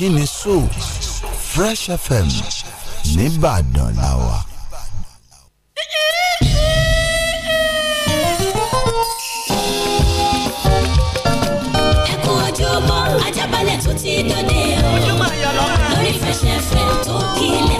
ìkíni sùn Fresh FM nìbàdàn làwà. ẹkún tó ti dòde o lórí Fresh tó kílẹ̀.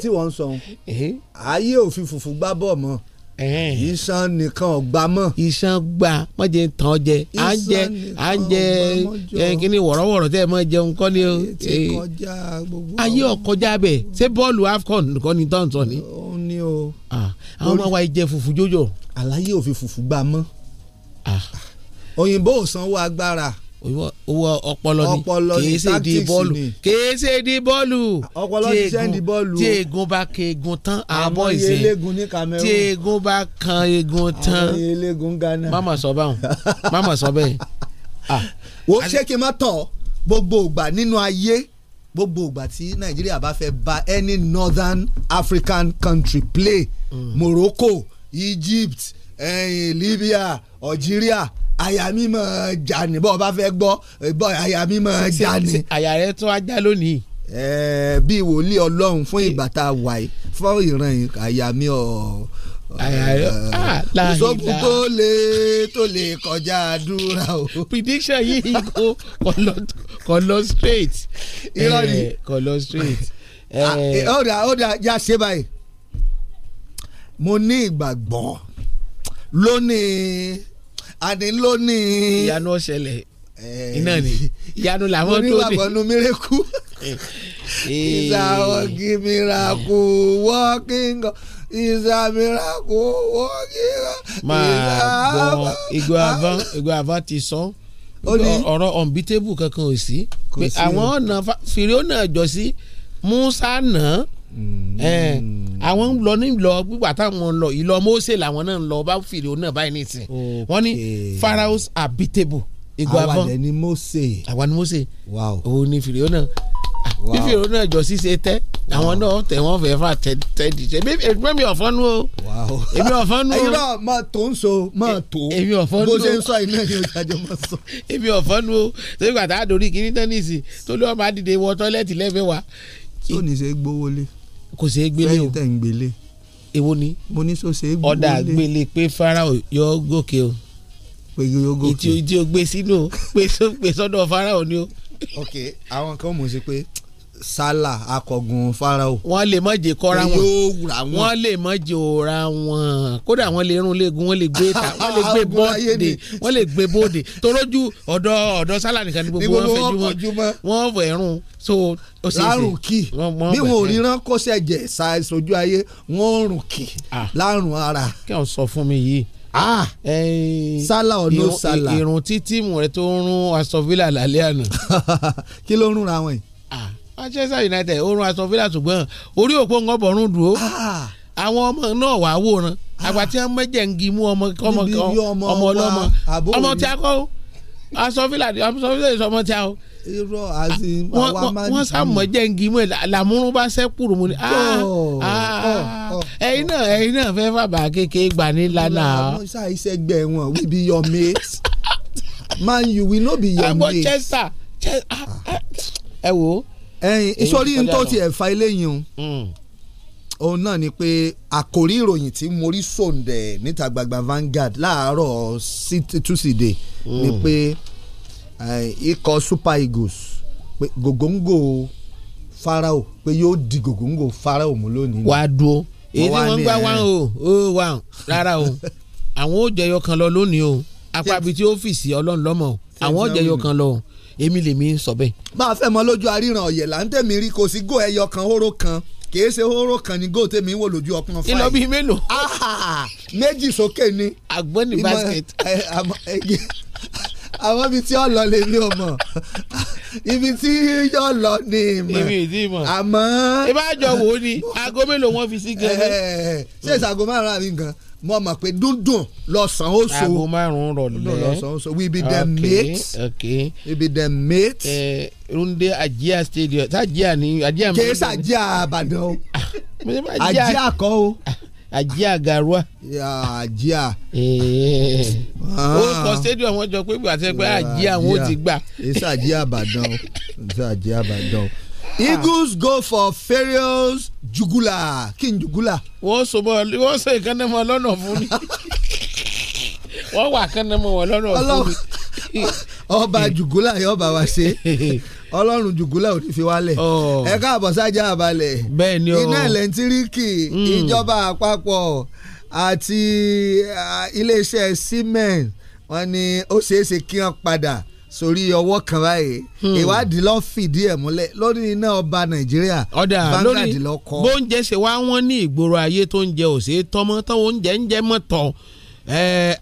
tí wọ́n ń sọ ayé òfin fùfú gbá bọ̀ mọ́ iṣan nìkan ọgbà mọ́. iṣan gba wọ́n jẹ tán jẹ à ń jẹ à ń jẹ kíni wọ̀rọ̀wọ̀rọ̀ tẹ́ ẹ mọ́ jẹun kọ́ ni o. ayé ọkọjá bẹ̀ ṣé bọ́ọ̀lù afcon nìkan ni tán sọ ni. ó ní o. àwọn ọmọ wa jẹ fùfú jọjọ. àlàyé òfin fùfú gbà mọ́. òyìnbó ò sanwó agbára owó ọpọlọ ni kèése di bọ́ọ̀lù kèése di bọ́ọ̀lù ọpọlọ ti di bọ́ọ̀lù tí egun bá kan egun tán àbọ̀ ìṣe tí egun bá kan egun tán mama sọ báwọn mama sọ bẹ́ẹ̀. Ah. wo ṣé kí n má tọ̀ gbogbo ìgbà nínú ayé gbogbo ìgbà tí nàìjíríà bá fẹ́ bá any northern african country play mm. morocco egypt Libya Algeria àyà mi máa jà ní bọ́ọ̀ bá fẹ́ gbọ́ bọ́ọ̀ àyà mi máa jà ní. àyà rẹ tún á já lónìí. bí wòlíì ọlọ́run fún ìgbà tá a wà yìí fún ìran àyà mi ọ̀ ìsọkùn tó lè tó lè kọjá àdúrà o. prediction yìí kò kò lọ straight. irọ́ ni kò lọ straight. ó dà ó dà já ṣe báyìí mo ní ìgbàgbọ́ lónìí àní lónìí. ìyanu ọ̀sẹ̀lẹ̀ eh. iná ni ìyanu làwọn tó dé. oníwàgbọ́nú mireku is our miracle working is a miracle working. máa gbọ́ ìgò àván ìgò àván ti sọ ọ̀rọ̀ unbeatable kankan ò sí àwọn ọ̀nà fìrí ọ̀nà ìjọ sí Musa náà. Mm. àwọn ń lọ ní ìlọ gbígbà táwọn ń lọ ìlọ Mósè làwọn náà ń lọ bá fìdí òun náà báyìí nìsín wọ́n ní Pharaoh's habitable igun avon àwọn ni Mósè àwọn ni Mósè òun ni fìdí òun náà ah, fífi ìrònú ẹjọ ṣíṣe tẹ àwọn náà tẹ wọn fẹẹ fà tẹ tẹ dìṣẹ èmi ọ̀fọ́n nu o èmi ọ̀fọ́n nu o. ayọ̀rọ̀ mọ tó ń so mọ tó èmi ọ̀fọ́n nu o bó ṣe ń sọ iná ni ojájọ mọ sọ. èmi ọ̀fọ́n nu o sẹ́yìn gbàtà àdórí kìíní tẹ́nísì tó lé ọmọ àdìdè wọ tọ́lẹ́tì lẹ́fẹ̀ẹ́ wa. tí ò ní ṣe gbówó lé kò ṣe é gbélé o fẹ́yìn tẹ̀ ń gbélé. èwo ni. mo ní so ṣe é gbélé. ọ̀dà gbélé pé farao yọ gòkè o. pé yọ gòkè. ìtì ìtì o gbé sínú o pé sọ́dọ̀ farao ni o. ok àwọn kan mọ̀ sí pé sálà akọgun farao. wọ́n lè mọ jẹ kọra wọn yóò ra wọn wọ́n lè mọ jẹ òra wọn kódà wọ́n lè rún léegun wọ́n lè gbé ta wọ́n lè gbé bóde wọ́n lè gbé bóde torójú ọ̀dọ̀ ọ̀dọ̀ sálà nìkan ni gbogbo wọn fẹjú mọ́ wọ́n fẹ́ rún so ó ṣe é ṣe lárùn kì bí wọn ò ríran kó ṣẹjẹ sa ìṣojú ayé wọn ò rùn kì ah. lárùn ara. kí ọ sọ fún mi yìí ah! sálà ọ̀nà sálà irun títí mú rẹ tó ń rún aṣọ fílà lálẹ́ àná. kí ló ń rún ra wọn yìí Manchester United oorun Aston Villa ṣùgbọ́n orí òpó ń gbọ́bọ̀rún dùn ó ah. àwọn ọmọ náà wàá wòran ah. àgbà tí wọ́n mẹ́jẹ̀ ń gimú ọmọ ọlọ́mọ ọmọ tí a kọ́ Aston Villa Aston Villa ìsọmọ tí a kọ́ irọ́ àti àwa máa ń. wọ́n sàmọ̀ jẹ́ǹgì mọ́ làmúrún bá sẹ́kùrù mu ni. Ah, ẹ̀yin náà ẹ̀yin náà fẹ́ fàbà kékeré gbà ní lana. wọ́n sá ìṣẹ́gbẹ́ wọn we be your mate man you will no be your mate. àgbọ̀ chester ẹ wò ó ẹyin sórí n tó tiẹ̀ fa eléyìí o hmm. òun náà ni pé àkòrí ìròyìn tí mori sonde, níta gbangba Vanguard láàárọ̀ tuesday hmm. ni pé ikọ̀ Super Eagles pé gògóńgò Farao pé yóò di gògóńgò Farao mú lónìí. wàá dúró èyí ni wọ́n gbá wán o ó wà rárá o àwọn ò jẹyọ kan lọ lónìí o apá bíi tí ó fìsì ọlọ́run lọ́mọ àwọn ò jẹyọ kan lọ o èmi lèmi ń sọ bẹ́ẹ̀. bá a fẹ́ mọ lójú aríran ọ̀yẹ̀ là ń tẹ̀mí rí kò sí gò ẹyọ kan hóró kan kìí ṣe hóró kan ní gò tèmi wò lójú ọpọ́n fáyì. ìlọ bíi mélòó. méjì sókè ni. àgbọn ní basket. àwọn ibi tí ó lọ lè ní ọmọ ibi tí yóò lọ ní ìmọ̀ ibi tí ìmọ̀ àmọ́. ìbájọ wo ni aago mélòó wọn fi sí gẹ́gẹ́. ṣé ìṣàgó márùn-ún àbí nǹkan mo mọ̀ pé dúndùn lọ́sàn-án ó so aago márùn-ún rọ̀lẹ́ lọ́sàn-án ó so we be them mates okay we be them mates. ẹ eh, runde ajia stadium sajia ni ajia. kì í sajia àbàdàn o ajia kọ́ o. ajia garua. ajia. ó eh. ah. kọ stadium wọn jọ pé àti pé ajia wọn ti gbà. kì í sajia àbàdàn o kì í sajia àbàdàn o. Ah. Eagles go for Ferrio's jugula king jugula. wọ́n sọ bọ́ wọ́n sọ ìkànnì mọ́ lọ́nà fún mi wọ́n wà kànnì mọ́ wọn lọ́nà fún mi. ọba jugula yóò bá wa ṣe ọlọ́run jùgúlẹ̀ ò ní fi wálẹ̀ ẹ káàbọ̀ sájà àbálẹ̀ iná ẹ̀lẹ́ntíríkì mm. ìjọba àpapọ̀ àti iléeṣẹ́ siemens wọ́n ní ó ṣeé ṣe kí wọ́n padà sórí ọwọ́ kan báyìí hmm. ìwádìí ló fìdí ẹ̀ múlẹ̀ lórí iná ọba nàìjíríà Vanguard ló kọ. bóúnjẹ ṣe wá wọn ní ìgboro ayé tó ń jẹ òsè tọmọ tọwọ oúnjẹ ń jẹ mọ́tọ̀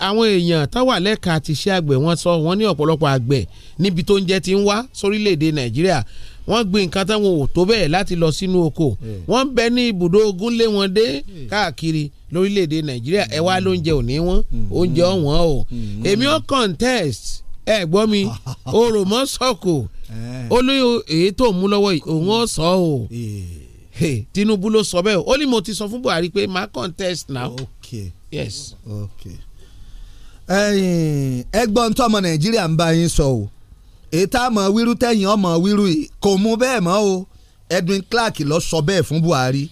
àwọn èèyàn táwà lẹ́ka àti iṣẹ́ àgbẹ̀ wọn sọ wọn ní ọ̀pọ̀lọpọ̀ àgbẹ̀ níbi tó ń jẹ ti ń wá sórílẹ̀‐èdè nàìjíríà wọ́n gbin nǹkan táwọn ò tó bẹ́ẹ̀ láti lọ sínú oko hmm. wọ́n bẹ ní ibùdó ogun lé wọn dé hmm. káàkiri lórílẹ̀‐èdè nàìjíríà ẹ̀ wá lóúnjẹ òní wọn oúnjẹ ọ̀wọ́n o èmi ó contest ẹ gbọ́ mi orò mọ́ sọ̀kò olóyè eh. èyí tó mú lọ́wọ́ yìí òun ò sọ o eh. Tinubu ló sọ bẹ́ẹ̀ o ó ní mo ti sọ fún Buhari pé má contest now. Okay. yes. Okay. ẹgbọ́n tó ọmọ Nàìjíríà ń bá yín sọ o èyí tá a mọ̀ wíru tẹ̀yìn ọmọ wíru kò mú bẹ́ẹ̀ mọ́ o Edwin Clark lọ sọ bẹ́ẹ̀ fún Buhari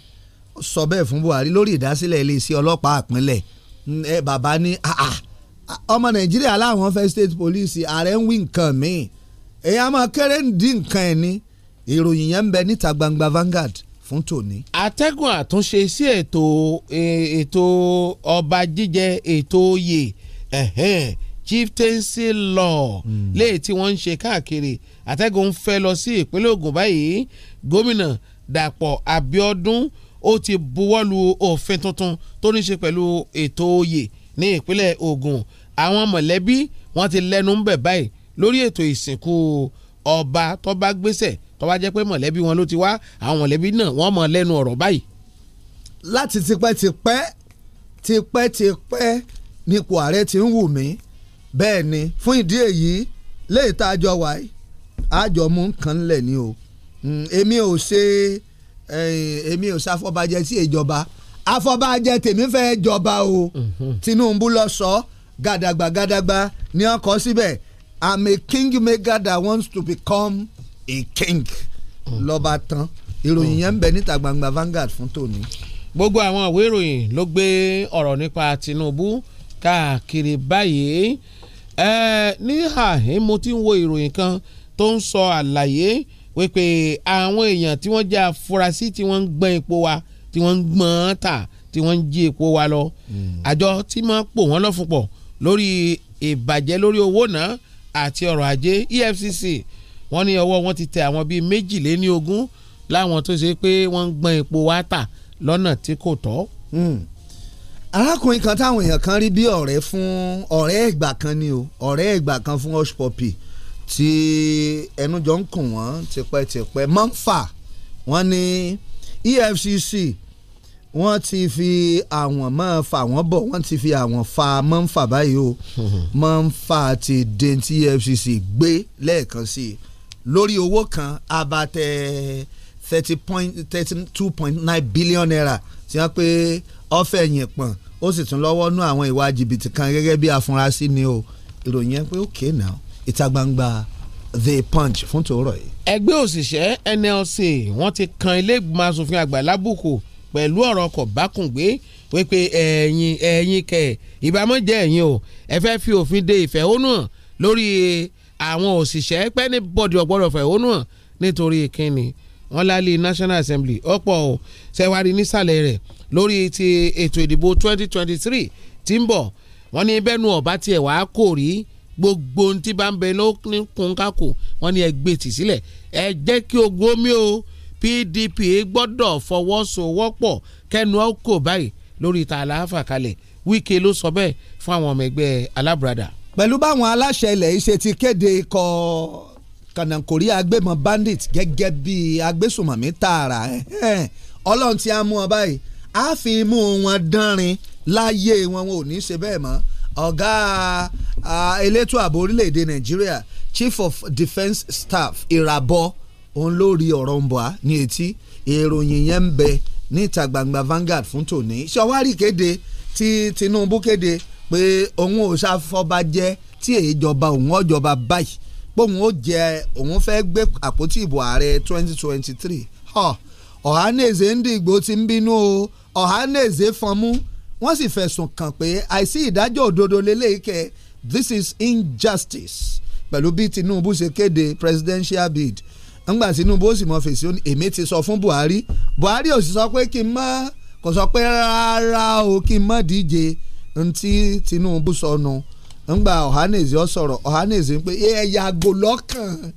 sọ bẹ́ẹ̀ fún Buhari lórí ìdásílẹ̀ iléeṣẹ́ ọlọ́pàá àpínlẹ̀ ẹ bàbá ní Ah, ah ọmọ nàìjíríà láwọn fẹ́ state police ààrẹ ń wí nǹkan míì a máa kéré ń dín nǹkan ẹ̀ ní ìròyìn yẹn ń bẹ níta gbangba Vanguard fún tòní. atẹ́gùn àtúnṣe sí ètò e, ètò ọba jíjẹ ètò oyè chieftaincy law hmm. léè tí wọ́n ń ṣe káàkiri atẹ́gùn ń fẹ́ lọ sí ìpínlẹ̀ Ògùn báyìí gómìnà Dàpọ̀ Abíọ́dún ó ti buwọ́lu òfin tuntun tó ní ṣe pẹ̀lú ètò oyè. E ní ìpínlẹ̀ Ògùn àwọn mọ̀lẹ́bí wọ́n ti lẹ́nu ń bẹ̀ báyìí lórí ètò ìsìnkú ọba tó bá gbéṣẹ̀ tó bá jẹ́ pé mọ̀lẹ́bí wọn ló ti wá àwọn mọ̀lẹ́bí náà wọ́n mọ̀ lẹ́nu ọ̀rọ̀ báyìí. láti tipẹ́tipẹ́ tipẹ́tipẹ́ nípò ààrẹ ti ń wù mí bẹ́ẹ̀ ni fún ìdí èyí léètà àjọ wáyé àjọ mú nǹkan lẹ̀ ni o hmm, èmi ò ṣe eh, èmi ò ṣàfọ̀bàjẹ́ sí ìjọba afọbajẹ tèmi fẹ́ jọba o mhm. Tinubu lọ sọ gàdàgbà gàdàgbà ní ọkọ síbẹ̀ I'm a king maker that wants to become a king mm. lọ́ba tán ìròyìn yẹn ń bẹ níta gbangba Vanguard fún tòní. gbogbo àwọn ìwé ìròyìn ló gbé ọ̀rọ̀ nípa Tinubu káàkiri báyìí ní àhín mo ti ń wo ìròyìn kan tó ń sọ àlàyé wípé àwọn èèyàn tí wọ́n jẹ́ afurasí tí wọ́n ń gbẹ́ epo wa. Mm -hmm tí wọ́n ń gbọ́n tà tí wọ́n ń jí epo wa lọ hmm. àjọ tí máa pò wọ́n lọ́fun pọ̀ lórí ìbàjẹ́ lórí owó náà àti ọrọ̀ ajé EFCC wọ́n ní ọwọ́ wọn ti tẹ àwọn bíi méjìléní ogún láwọn tó ṣe pé wọ́n ń gbọ́n epo wa tà lọ́nà tí kò tọ́. Hmm. arákùnrin kan táwọn èèyàn kan rí bí ọ̀rẹ́ fún ọ̀rẹ́ ìgbà kan ni o ọ̀rẹ́ ìgbà kan fún hush puppy tí ẹnu jọ ń kùn wọ́n tipẹ́tipẹ́ mọ́ńfà wọ́n ní EFCC wọ́n ti fi àwọn máa fà wọ́n bọ̀ wọ́n ti fi àwọn fa máa ń fà báyìí o máa ń fà ti den tí EFCC gbé lẹ́ẹ̀kan sí i lórí owó kan abatẹ thirty point thirty two point nine billion naira ti hàn pé ọ̀fẹ́ yẹn pọ̀n ó sì tún lọ́wọ́ nú àwọn ìwà jìbìtì kan gẹ́gẹ́ bí afurasí ni o ìròyìn yẹn pé okay now ìta gbangba the punch fún tòórọ̀ yìí. ẹgbẹ́ òṣìṣẹ́ NLC wọ́n ti kan ilé ìgbìmọ̀ asòfin àgbà lábùkù pẹ̀lú ọ̀rọ̀ kò bákùngbé wípé ẹ̀yin ẹ̀yin kẹ̀ ìbámu jẹ́ ẹ̀yin o ẹ fẹ́ fi òfin de ìfẹ̀hónú hàn lórí àwọn òṣìṣẹ́ pẹ́ ní bọ́ọ̀dì ọ̀gbọ́dọ̀ fẹ̀hónú hàn nítorí kínni wọn lálẹ́ National Assembly ọ̀pọ̀ ò ṣẹ̀wárí nísàlẹ̀ rẹ̀ lórí ti ètò ìdìbò 2023 tí ń bọ̀ wọ́n ní bẹ́nu ọ̀bá tiẹ̀ wá kò rí gbogbo ohun tí bá ń bẹ lókun kákò wọ́n ní ẹ gbé tì sílẹ̀ ẹ jẹ́ kí ogun omi o. PDP gbọ́dọ̀ fọwọ́sowọ́pọ̀ kẹ́nu ọkọ̀ báyìí lórí ìta àlàáfà kalẹ̀ Wike ló sọ bẹ́ẹ̀ fún àwọn ọmọ ẹgbẹ́ alábùradà. pẹ̀lú báwọn aláṣẹ ilẹ̀ yìí ṣe ti kéde ikọ̀ kànáńkórí agbébọn bandit gẹ́gẹ́ bí agbésùmọ̀mí tààrà ọlọ́run ti á mú ọ báyìí á fi imú wọn dánrin láyé wọn wọn ò ní ṣe bẹ́ẹ̀ mọ́ ọ̀gá elétò ààbò orílẹ̀-èdè Nàìjíríà Chief of Defence Staff Ìràbọ̀ òun ló rí ọ̀rọ̀ ń bọ̀ á ní etí ìròyìn yẹn ń bẹ níta gbangba Vanguard fún tòní ṣọwárì kéde tí Tinubu kéde pé òun ò ṣàfọbàjẹ́ tí èyí jọba òun ọ̀jọba báyìí póun ó jẹ òun fẹ́ gbé àpótí ìbò ààrẹ 2023 Ọ̀hánèzè Ndigbo ti ń bínú o Ọ̀hánèzè fọnmú wọ́n sì fẹ̀sùn kàn pé àìsí ìdájọ́ òdodo lélẹ́yìíkẹ́ this is injustice pẹ̀lú bí Tinubu ṣe kéde presidential bid ńgbà Tinubu ó sì mọ fèsì èmi ti sọ fún Buhari Buhari ò sì sọ pé kí n mọ kò sọ pé rárá o kí n mọ díje ntí Tinubu sọnù ńgbà Ohanaeze ọ sọ̀rọ̀ Ohanaeze ń pé ẹ yàgò lọ́kàn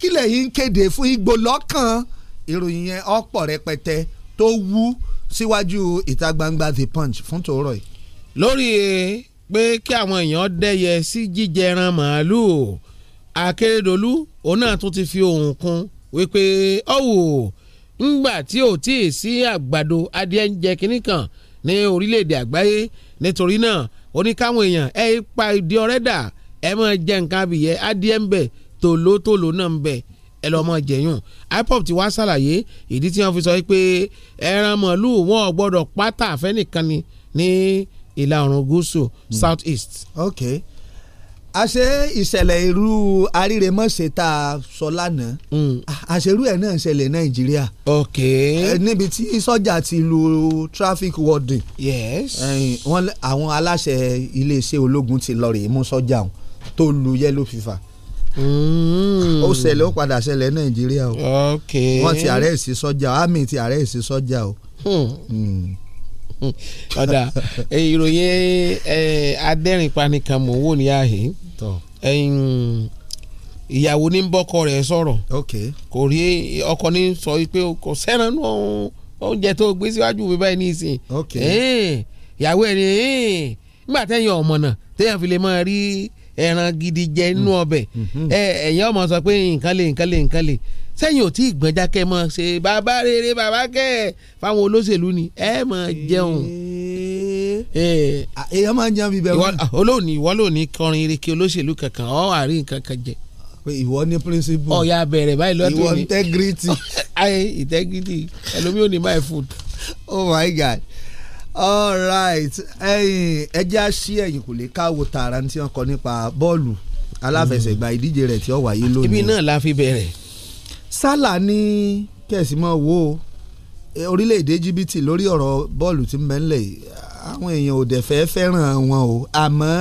kí lẹ́yìn kéde fún igbó lọ́kàn ìròyìn yẹn ọ̀pọ̀ rẹpẹtẹ tó wú síwájú ìta gbangba the punch fún tòórọ̀ yìí. lórí pé kí àwọn èèyàn dẹ́yẹ sí jíjẹran màálùú Akérédolú òun náà tún ti fi ohun kún wípé ọ̀wò ńgbà tí ò tí ì sí àgbàdo adìẹ ń jẹ kínní kan ní orílẹ̀-èdè àgbáyé nítorí náà oníkáwọn èèyàn ẹ pa ìdí ọ̀rẹ́ dà ẹ máa jẹ nǹkan abìyẹ adìẹ ń bẹ tòlótòló náà ń bẹ ẹ lọ́ mọ jẹ̀yún ipob ti wá ṣàlàyé ìdí tí wọ́n fi sọ pé ẹran màálù wọn gbọ́dọ̀ pátá àfẹ́nìkan ni ní ìlà oòrùn gúúsù hmm. south east. okay àṣé ìṣẹ̀lẹ̀ irú aríremọ́ṣe tá a sọ lánàá àṣerú mm. ẹ̀ náà ṣẹlẹ̀ nàìjíríà ok níbi tí sọ́jà ti lu traffic warden yes wọ́n àwọn aláṣẹ iléeṣẹ́ ológun ti lọ rèé mú sọ́jà ọ̀hún tó lu yellow fever mm. ó ṣẹlẹ̀ ó padà ṣẹlẹ̀ nàìjíríà o ok wọ́n ti àrẹ́ẹ̀sì sọ́jà army ti àrẹ́ẹ̀sì sọ́jà o. Hmm. Hmm ọ̀dà ìròyìn adẹ́rìnpanikan mò ń wò ní ìyàwó ní bọ́kọ rẹ̀ sọ̀rọ̀ kò rí ọkọ ní sọ pé kò sẹ́ran nù oúnjẹ tó gbé síwájú mi báyìí nísìnyí ìyàwó ẹ̀ ní nígbà tẹ́yìn ọmọ náà tẹ́yìn fi lè ẹran gidi jẹ nínú mm. ọbẹ̀ mm-hmm. ẹ̀yìn ọmọ sọ pé nǹkan lè nǹkan sẹ́yìn ò tí ì gbọ́njà kẹ́ mọ̀ ṣe bàbá rere bàbá kẹ́ fáwọn olóṣèlú ni ẹ mọ̀ jẹun. èèyàn máa ń jẹun bíbẹ̀ wọn. olóòní ìwọ lóòní kọrin ereke olóṣèlú kankan ọ àárín nǹkan kan jẹ. ìwọ ní principle. ọ̀ya bẹ̀rẹ̀ báyìí lọ́tọ̀ ni ìwọ integrity. ayé integrity ẹlòmíì ò ní my food. oh my god all right ẹyin ẹjẹ́ àṣì ẹ̀yìn kò lè káwo tààrà tí wọ́n kọ nípa bọ́ọ̀lù aláfẹsẹ̀gbá ìdíje rẹ̀ tí ó wáyé lónìí. ibi náà la fi bẹ̀rẹ̀ sálà ní kẹ̀sì mọ́ wo orílẹ̀-èdè jìbìtì lórí ọ̀rọ̀ bọ́ọ̀lù tí mẹ́lẹ̀ àwọn èèyàn ò dẹ̀ fẹ́ fẹ́ràn wọn o àmọ́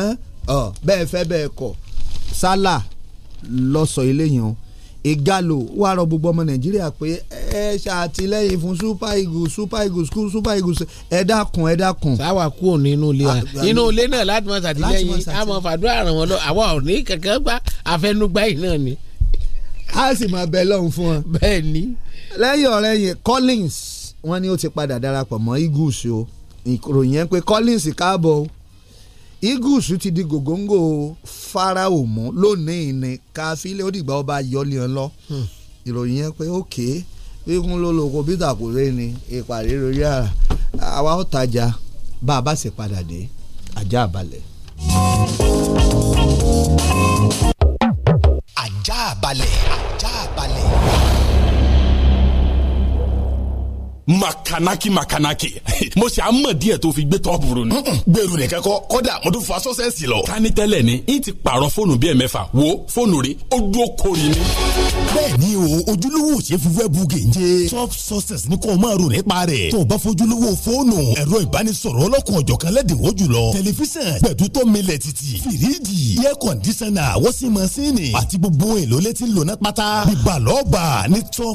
bẹ́ẹ̀ fẹ́ bẹ́ẹ̀ kọ̀ sálà lọ́sọ̀ eléyìí o ìgalò wà rọ gbogbo ọmọ nàìjíríà pé ẹ ṣàtìlẹ́yìn fún super eagles super eagles kú super eagles ẹ dákun ẹ dákun. sáwà kú òní inú ilé wa inú ilé náà láti mọ ṣàtìlẹ́yìn àmọ́ fàdúrà ràn wọ́n lọ àwa ò ní kankan gbà àfẹnugbà yìí náà ni a sì máa bẹ lọ́hùn fún wọn. bẹ́ẹ̀ ni. lẹ́yìn yẹn Collins wọ́n ní ó ti padà darapọ̀ mọ́ Eagles o ìròyìn yẹn pé Collins káàbọ̀ o Eagles ti di gògóńgò Farao mú lónìí ni káfílẹ̀ ó dìgbà ọba yọlé ọ lọ hmm. ìròyìn yẹn pé ókè ikun ló lo oko peter kò ré ni ìpàdé lórí àwa ó tajà bá a bá sì padà dé ajá balẹ̀. balẹ̀. ajá balẹ̀ makanaki makanaki mo ṣe àmọ̀ díẹ̀ tó fi gbé tọ́pù rò ni. gbèrú nìkan kọ kọ́dà mo tún fa sọ́sẹ́sì lọ. kání tẹ́lẹ̀ ni n ti pààrọ̀ fóònù bíi ẹ̀mẹ́fà wo fóònù rí ó dúró kórì ni. bẹ́ẹ̀ni o ojúlówó ṣe fífẹ́ bu gèje top success ni kò máa rò nípa rẹ̀ tó o bá fojúlówó fóònù ẹ̀rọ ìbánisọ̀rọ̀ ọlọ́kùn ọ̀jọ̀kan lẹ́dínwó jùlọ tẹlifíṣàn gbẹ̀dútọ́ milẹ̀ títì fìrídì air conditioner wọ́sí masínì àti gbogbo èlò létí lónà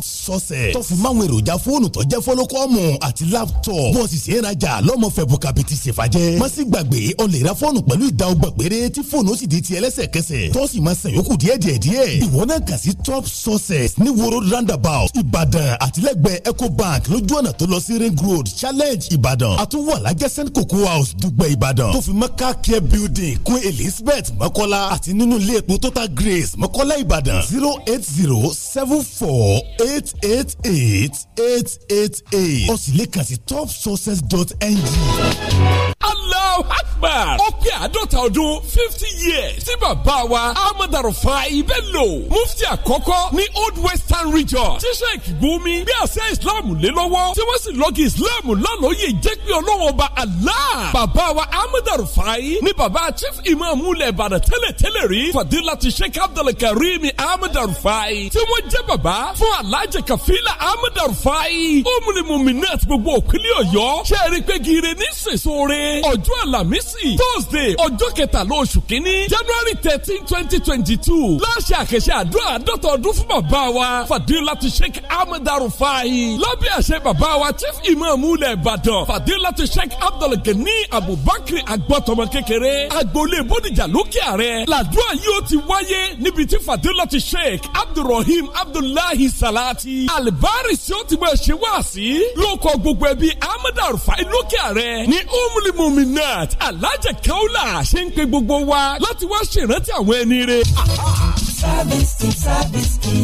success tó fi máwọn èròjà fóònù tó kọ́mù àti laptop bọ́ọ̀sì ṣe é rajà lọ́mọ fẹ̀bù kàbìtì ṣèfàjẹ́ má sì gbàgbé ọ lè ra fọ́ọ̀nù pẹ̀lú ìdá ọgbà péré tí fóònù ó sì di ti ẹlẹ́sẹ̀kẹsẹ̀ tọ́sí máa san yòókù díẹ̀ díẹ̀ díẹ̀ ìwọ náà kàn sí top sources ní woro roundabout ìbàdàn àtìlẹ́gbẹ̀ẹ́ ecobank lójú ọ̀nà tó lọ sí ring road challenge ìbàdàn àtúwọ̀ alájẹsẹ́ni cocoa house dùgbẹ̀ ìbàdàn tó fi maka care building kún elizabeth mọ́kọ́lá àti nínú ilé epo total grace mọ́kọ́lá ìbàdàn zero eight zero seven four eight eight eight eight eight eight o sì lè kàn sí topsources.ng. Allah Allahu Akbar ó pé àádọ́ta ọdún fifty years tí bàbá wa Ahmed Arufai Bello mufti àkọ́kọ́ ní Old Western Region tí Sheikh Gumi gbé àṣẹ Islam lé lọ́wọ́ tí wọ́n sì lọ́ọ́ kí Islam lánàá yìí jẹ́ pé ọlọ́wọ́ ba Allah bàbá wa Ahmed Arufai ni bàbá Chief Imam ulẹ̀ Ìbàdàn tẹ́lẹ̀tẹ́lẹ̀ rí Fadilati Sheikh Abdulkarim Ahmed Arufai tí wọ́n jẹ́ bàbá fún Alhaji Kafila Ahmed Arufai ó múlimùmí náà ti gbogbo òkúlé Ọ̀yọ́ ṣe é àlàmísì Thursday ọjọ́ kẹtàlá oṣù kínní January thirteen twenty twenty two láṣẹ àkẹṣẹ àdúrà àdọ́tọ̀ ọdún fún bàbá wa Fadilatu Sheikh Ahmed Arufai lábẹ́ àṣẹ bàbá wa Chief Imam ulẹ̀ Ìbàdàn Fadilatu Sheikh Abdulgani Abubakar agbọ́tọmọ kékeré agboolé bódìjà lókè ààrẹ làdúrà yìí ó ti wáyé níbi tí Fadilatu Sheikh Abdulrahim Abdullahi Salati alibari tí ó ti mọ̀ ṣe wá sí lóko gbogbo ẹbí Ahmed Arufai lókè ààrẹ ní umulimumina Kaolat Alhaji Kaolat ṣe ń pe gbogbo wa láti wá ṣèrántí àwọn ẹni rẹ̀. service to service kì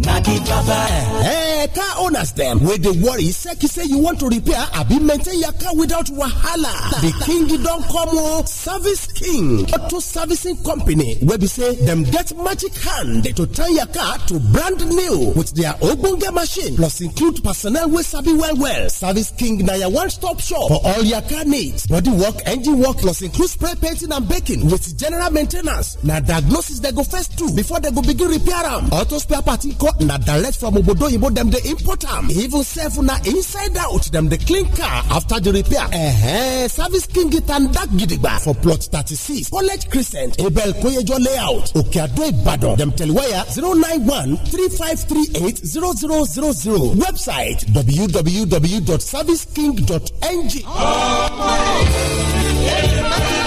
Eh, car owners them where they worry seki say you want to repair be maintain your car without wahala The king don come o oh, service king auto servicing company where we say them get magic hand to turn your car to brand new with their ogbonge machine plus include personnel wey sabi well well service king na your one stop shop for all your car needs body work engine work plus include spray painting and baking with general maintenance na diagnosis they go first too before they go begin repair am auto spare parts na direct from obodo oyibo dem dey import am even sef na inside out dem dey clean car after the repair ehem service king it gidigba for plot thirty-six college crescent abel koyejo layout okeado ibadan dem telewire zero nine one three five three eight zero zero zero zero website www.serviceking.ng. ọmọ ẹ̀ oh ẹ̀ máa ń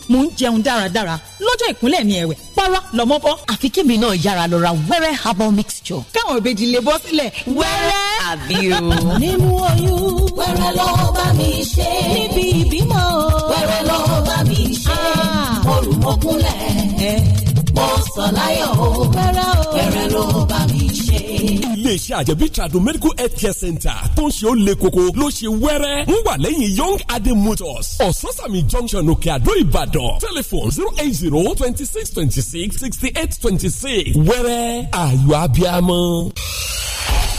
mo ń jẹun dáradára lọ́jọ́ ìkúnlẹ̀ mi ẹ̀wẹ̀ para lọ́mọ bọ́. àfi kébì náà yára lọ ra wẹ́rẹ́ herbal mixture. káwọn òbejì lè bọ́ sílẹ̀ wẹ́rẹ́. àbí o. nínú oyún wẹ́rẹ́ lọ bá mi ṣe. níbi ìbímọ wẹ́rẹ́ lọ bá mi ṣe. Ah. mo rù mọ́kúnlẹ̀ mo sọ láyọ̀ o àjẹbí tradu medical health care center tó ń ṣe ó le koko ló ṣe wẹ́rẹ́ ń wà lẹ́yìn young adé motors ososami junction òkè àdó ìbàdàn telephone zero eight zero twenty six twenty six sixty eight twenty six wẹ́rẹ́ ayọ̀ abiamọ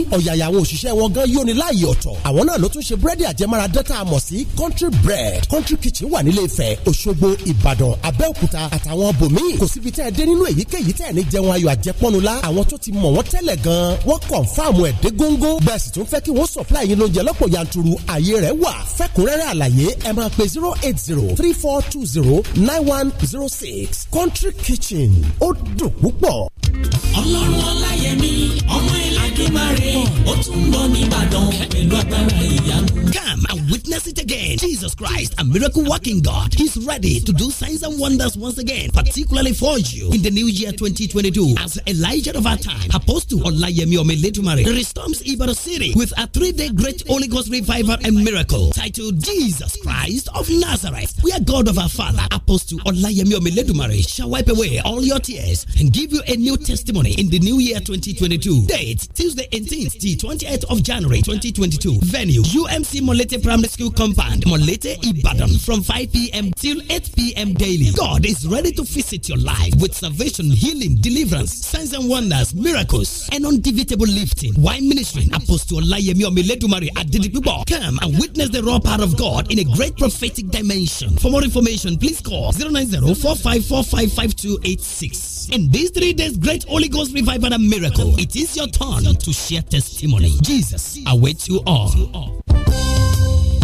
ní ọ̀yàyà àwọn òṣìṣẹ́ wọn gan yóni láàyè ọ̀tọ̀ àwọn náà ló tún ṣe búrẹ́dì àjẹmára dẹ́ta àmọ̀ sí country bread country kitchen wà nílé Ifẹ̀ Òṣogbo Ìbàdàn Abẹ́òkúta àtàwọn bòmíì kò síbi tẹ́ ẹ dé nínú èyíkéyìí tẹ́ ẹ ní jẹun ayọ̀ àjẹpọ́nu la àwọn tó ti mọ̀ wọ́n tẹ́lẹ̀ gan wọ́n kọ̀ǹfàmù ẹ̀ dé góńgó bẹ́ẹ̀ pe zero eight zero three four two zero nine one zero six country kitchen ó dùn ọlọ́run ọláyẹmí ọmọ ìlàjúmọ̀ rẹ̀ ó tún bọ̀ nìbàdàn pẹ̀lú agbára ìyanu. Come and witness it again. Jesus Christ, a miracle working God, is ready to do signs and wonders once again, particularly for you in the new year 2022. As Elijah of our time, Apostle Olayemi Omeletumare, restores Ibadan City with a three-day great Holy Ghost revival and miracle titled Jesus Christ of Nazareth. We are God of our Father, Apostle Olayemi Omeletumare, shall wipe away all your tears and give you a new testimony in the new year 2022. Date Tuesday 18 the to 28th of January 2022. Venue UMC Molete Primary School Compound, Molete Ibadan from 5 p.m. till 8 p.m. daily. God is ready to visit your life with salvation, healing, deliverance, signs and wonders, miracles, and undebatable lifting. Why ministering? Apostle Olayemi Omiledumare Adedipibo. Come and witness the raw power of God in a great prophetic dimension. For more information, please call 090 In these three days, great Holy Ghost revival and miracle. It is your turn to share testimony. Jesus awaits you all.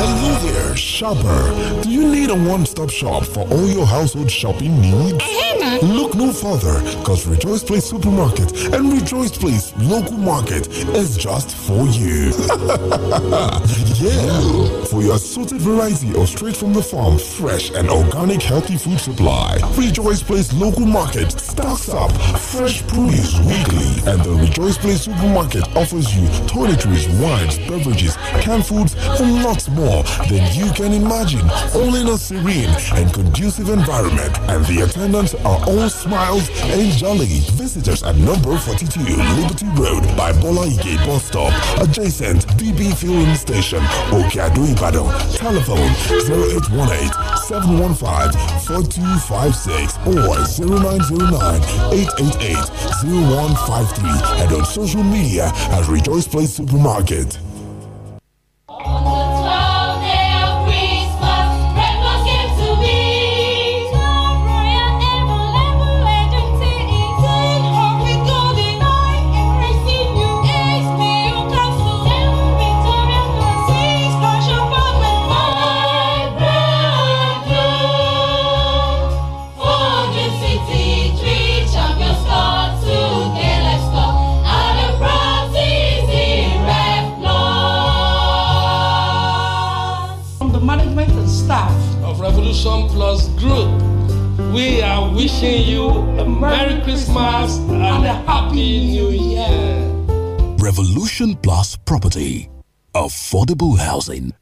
Hello there, shopper. Do you need a one-stop shop for all your household shopping needs? Uh-huh, Look no further, because Rejoice Place Supermarket and Rejoice Place Local Market is just for you. yeah, for your assorted variety of straight from the farm, fresh and organic healthy food supply. Rejoice Place Local Market stocks up fresh produce weekly, and the Rejoice Place Supermarket offers you toiletries, wines, beverages, canned foods, and lots more more than you can imagine, all in a serene and conducive environment. And the attendants are all smiles and jolly. Visitors at number 42 Liberty Road by Bola Ige bus stop, adjacent DB Fueling Station, Okado Ibadan. Telephone 0818 715 4256 or 0909 888 0153 and on social media at Rejoice Place Supermarket. Group. We are wishing you a Merry Christmas and a Happy New Year. Revolution Plus Property. Affordable housing.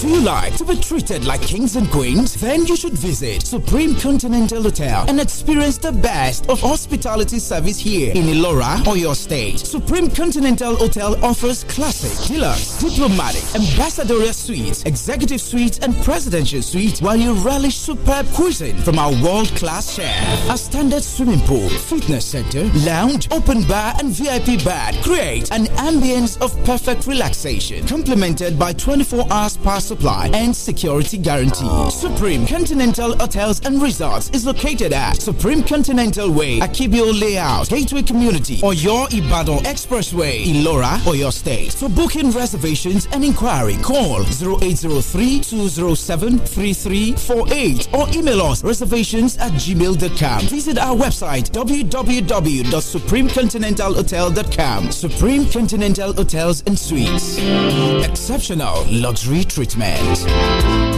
Do you like to be treated like kings and queens? Then you should visit Supreme Continental Hotel and experience the best of hospitality service here in Elora or your state. Supreme Continental Hotel offers classic, deluxe, diplomatic, ambassadorial suites, executive suites, and presidential suites while you relish superb cuisine from our world-class chef. A standard swimming pool, fitness center, lounge, open bar, and VIP bar create an ambience of perfect relaxation, complemented by 24 hour. Power supply and security guarantee. Supreme Continental Hotels and Resorts is located at Supreme Continental Way, Akibio Layout, Gateway Community, or your Ibadan Expressway, Ilora, or your state. For booking reservations and inquiry, call 0803 207 3348 or email us reservations at gmail.com. Visit our website www.supremecontinentalhotel.com. Supreme Continental Hotels and Suites. Exceptional luxury retreatment.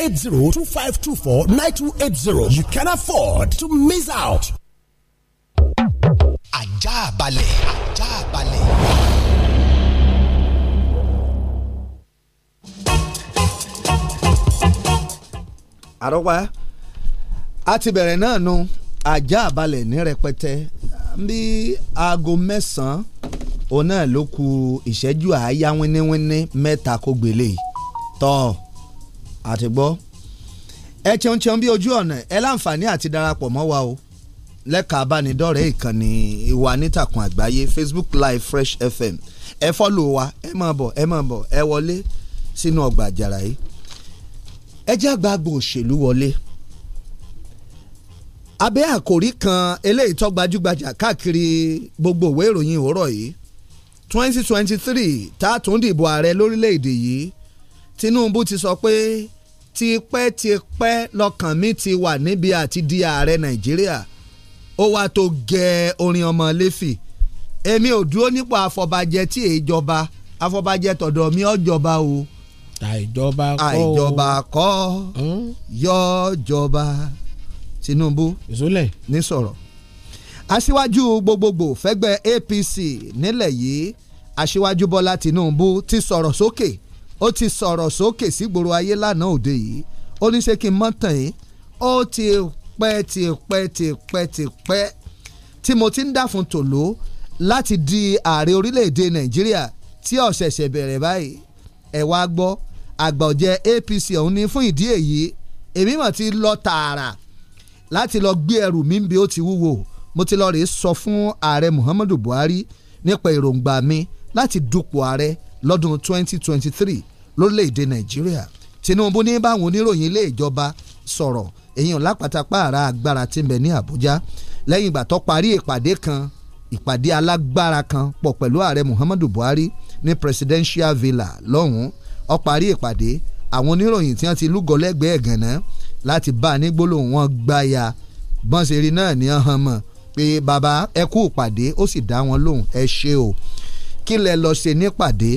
eight zero two five two four nine two eight zero. You can afford to miss out. Ajá balẹ̀, ajá balẹ̀. àrọ́wá a ti bẹ̀rẹ̀ náà nu ajá àbálẹ̀ ní rẹpẹtẹ bí aago mẹ́sàn-án òun náà ló ku ìṣẹ́jú àáyá wíníwíní mẹ́ta kó gbélé tọ́ àti gbọ́ ẹ cheun cheun bí ojú ọ̀nà ẹ láǹfààní àti darapọ̀ mọ́ wa o lẹ́ka abánidọ́rẹ̀ẹ́ ìkànnì ìwà nítàkùn àgbáyé Facebook Live Fresh FM ẹ fọ́lù wa ẹ máa bọ̀ ẹ máa bọ̀ ẹ wọlé sínú ọgbà àjàrà yìí ẹ jẹ́ àgbàgbò òṣèlú wọlé abẹ́ àkòrí kan eléyìí tó gbajúgbajà káàkiri gbogbo ìwé ìròyìn òwúrọ̀ yìí twenty twenty three tá a tún dìbò ààrẹ lórílẹ̀ yìí Tinubu ti sọ pé tipẹ́tipẹ́ lọ́kàn mi ti wà níbi àti di ààrẹ Nàìjíríà ó wá tó gẹ orin ọmọ lẹ́fì èmi ò dúró nípò àfọbàjẹ tí èèjọba àfọbàjẹ tọ̀dọ̀ mi ọ̀jọba o àìjọba kọ́ àìjọba kọ́ hmm? yọjọba Tinubu ní sọ̀rọ̀ aṣíwájú gbogbogbò fẹ́gbẹ́ APC nílẹ̀ yìí aṣíwájú Bọ́lá Tinubu ti sọ̀rọ̀ sókè okay ó ti sọ̀rọ̀ sókè sígboro ayé lánàá òde yìí ó ní ṣé kí n mọ́ tàn ó ti pẹ́ ti pẹ́ ti pẹ́ ti pẹ́ tí mo ti ń dà fún tòló láti di ààrẹ orílẹ̀-èdè nàìjíríà tí ọ̀ṣẹ̀ṣẹ̀ bẹ̀rẹ̀ báyìí ẹ̀ wá gbọ́ APC ọ̀hún ni fún ìdí èyí èmi mà ti lọ tààrà láti lọ gbé ẹrù mi bí ó ti wúwo mo ti lọ rèé sọ fún ààrẹ Muhammadu Buhari nípa èròǹgbà mi láti dupò ààrẹ lọ́dún 2023 lórílẹ̀‐èdè nàìjíríà tinubu ní báwọn oníròyìn ilé ìjọba sọ̀rọ̀ èyàn lápátápá àrà agbára tí ń bẹ ní àbújá lẹ́yìn ìgbà tó parí ìpàdé kan ìpàdé alágbára kan pọ̀ pẹ̀lú ààrẹ muhammadu buhari ní presidential villa lọ́hùn-ún ó parí ìpàdé àwọn oníròyìn tí wọ́n ti lúgọ lẹ́gbẹ̀ẹ́ gànà láti bá a ní gbólóhùn wọn gbáya bọ́nsẹ̀rì náà ní ọ̀hán mọ̀ pé bàbá ẹ kú ìpàdé ó sì dá wọn lóhùn ẹ ṣe o kí lẹ lọ ṣe nípàdé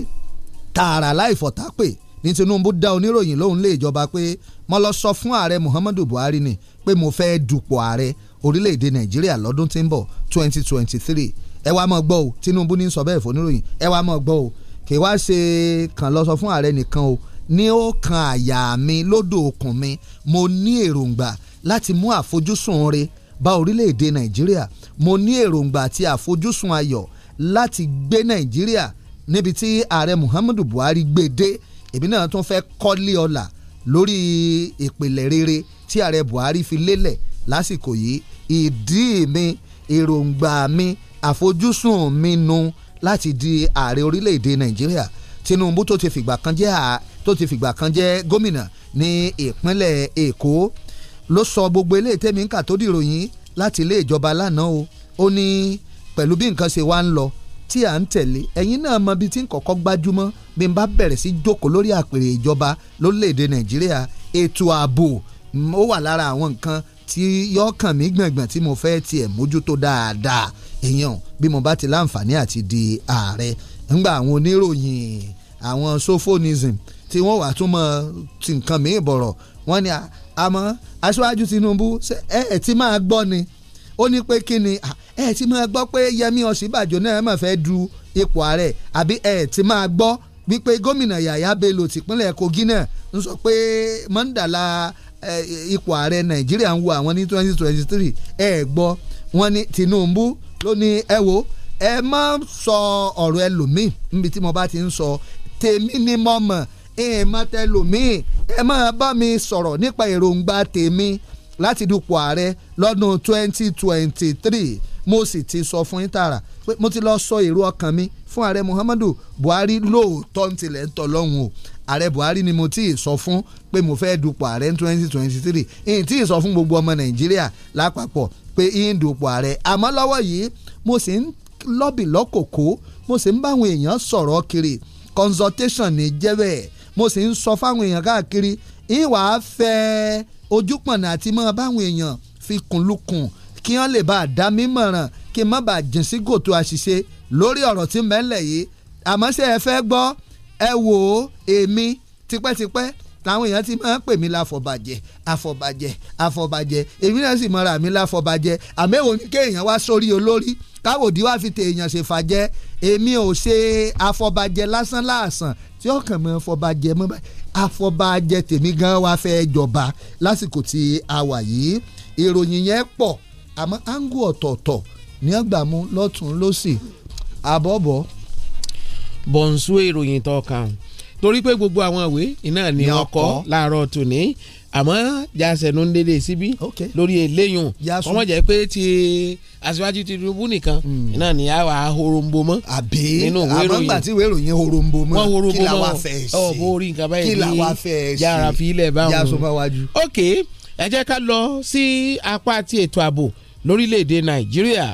tààrà láì fọ̀tápè ní Tinubu dá oníròyìn lóhùn lé ìjọba pé mo lọ sọ fún ààrẹ Muhammadu Buhari ni pé mo fẹ́ dupò ààrẹ orílẹ̀-èdè Nàìjíríà lọ́dún tí ń bọ̀ 2023 ẹ wá mọ̀ gbọ́ o Tinubu ní sọ bẹ́ẹ̀ fóníròyìn ẹ wá mọ̀ gbọ́ o kì í wá ṣe kàn lọ sọ fún ààrẹ nìkan o ní ó kan àyà mi lódò okùn mi mo ní èròǹgbà láti mú àfojúsùn re bá orílẹ̀-èdè Nàìjíríà mo ní èròǹgbà àti àfojúsùn ayọ̀ láti gbé Nàìjíríà níbi tí ààrẹ Muhammadu Buhari gbé dé èmi náà tún fẹ́ kọ́lé ọ̀la lórí ìpìlẹ̀ rere tí ààrẹ Buhari fi lélẹ̀ lásìkò yìí ìdí mi èròǹgbà mi àfojúsùn mi nu láti di ààrẹ orílẹ̀-èdè Nàìjíríà Tinubu tó ti fìgbà kan jẹ́ àà tó ti fìgbà kan jẹ́ gómìnà ní ìpínlẹ̀ Èkó ló sọ gbogbo ilé tẹ́mi ń kà tó dìròyìn láti ilé ìjọba lánàá o ó ní pẹ̀lú bí nǹkan ṣe wá ń lọ tí à ń tẹ̀lé ẹ̀yin náà mọ bí tí ń kọ́kọ́ gbájúmọ́ bí n bá bẹ̀rẹ̀ sí jókòó lórí àpèrè ìjọba lórílẹ̀‐èdè nàìjíríà ètò ààbò mm, ó wà lára àwọn nǹkan tí yọ kàn mí gbọ̀ngbọ̀n tí mo fẹ́ tiẹ̀ mójútó dáadáa èèyàn bí mo bá ti láǹfààní àti di ààrẹ ńgbà àwọn oníròyìn àwọn sophonism tí wọ́n wà tún mọ ti nǹkan mí ìbọ̀rọ̀ wọ́n ní àmọ́ aṣáájú Tinubu ẹ ẹ ti máa gbọ́ ni ó ní pé kí ni ẹ ti máa gbọ́ pé Yẹmí Ọ̀ṣínbàjò náà máa fẹ́ du ipò ààrẹ àbí ẹ ti máa gbọ́ wípé gómìnà Yàyà Bello tìpínlẹ̀ Kogi náà ń sọ pé mọ́ńdàlá ipò ààrẹ Nàìjíríà ń wo àwọn ní twenty twenty three ẹ gbọ́ wọ́n ní Tinubu ló ní ẹ wo ẹ má sọ ọ̀rọ̀ ẹlòmíì níbi tí mo bá ti ń sọ tèmi ni mo mọ̀ ẹ má tẹlòmíì ẹ má bá mi sọ̀rọ̀ nípa èròǹgbà tèmi láti dupò ààrẹ lọ́dún twenty twenty three mo sì ti sọ fún yín pé mo ti lọ sọ èrò ọkàn mi fún ààrẹ Muhammadu Buhari lóòótọ́ ń tilẹ̀ ń tọ́ lọ́hùn o ààrẹ Buhari ni mo ti sọ fún pé mo fẹ́ dupò ààrẹ ní twenty twenty three èyí tí ì sọ fún gbogbo ọmọ Nàìjíríà lápapọ̀ pé ìyìn dupò ààrẹ àmọ́ lọ́wọ́ yìí mo sì ń lọ́bì lọ́kòkó mo sì ń báwọn èèyàn sọ̀rọ̀ kiri consultation ní jẹ́bẹ̀ mo sì ń sọ fáwọn èèyàn káàkiri ìwà fẹ́ẹ́ ojúpọ̀nà àti mọ́ báwọn èèyàn fi kùnlùkùn kí wọ́n lè bá a dá mímọ̀ràn kí n má bàa jìn sí gòtò àṣìṣe lórí ọ̀rọ̀ tí mẹ́lẹ̀ yìí àmọ́ ṣé ẹ fẹ́ gbọ́ ẹ wò ó èmi tipẹ́tipẹ́ táwọn èèyàn ti máa ń pè mí láfọ̀bàjẹ́ àfọ̀bàjẹ́ àfọ̀bàjẹ́ èmi náà sì mọ̀ra mi láfọ̀bàjẹ́ àmọ́ èwo kéèyàn wá sórí olórí káwòdì wá fi tèèyàn ṣe fàjẹ́ èmi ò ṣe afọbajẹ lásán láàsàn tí ọkàn mọ afọbajẹ mọ afọbajẹ tèmi gan wa fẹ́ jọba lásìkò tí a wà yìí ìròyìn yẹn pọ̀ àmọ́ áńgù ọ̀tọ̀ọ̀tọ̀ ní ọgbàmú lọ́tún lọ́sì àbọ̀bọ̀. bọ̀ǹsù ìròyìn tó kàn torí pé gbogbo àwọn ìwé iná ni ọkọ̀ láàárọ̀ tòní àmọ́ jàǹsẹ̀nù ń dédé síbí lórí eléyùn ọmọ jẹ́ pé ti aṣíwájú Tinubu nìkan hmm. náà ni a wà horombo mọ́ nínú ìwé tí ìwé ìròyìn horombo mọ́ kí la wá fẹ́ ṣe ọ̀ bó nǹkan báyìí kí la wá fẹ́ ṣe yàrá fi báwọn yà bá wájú. ok ẹ jẹ́ ká lọ sí apá ti ètò ààbò lórílẹ̀‐èdè Nàìjíríà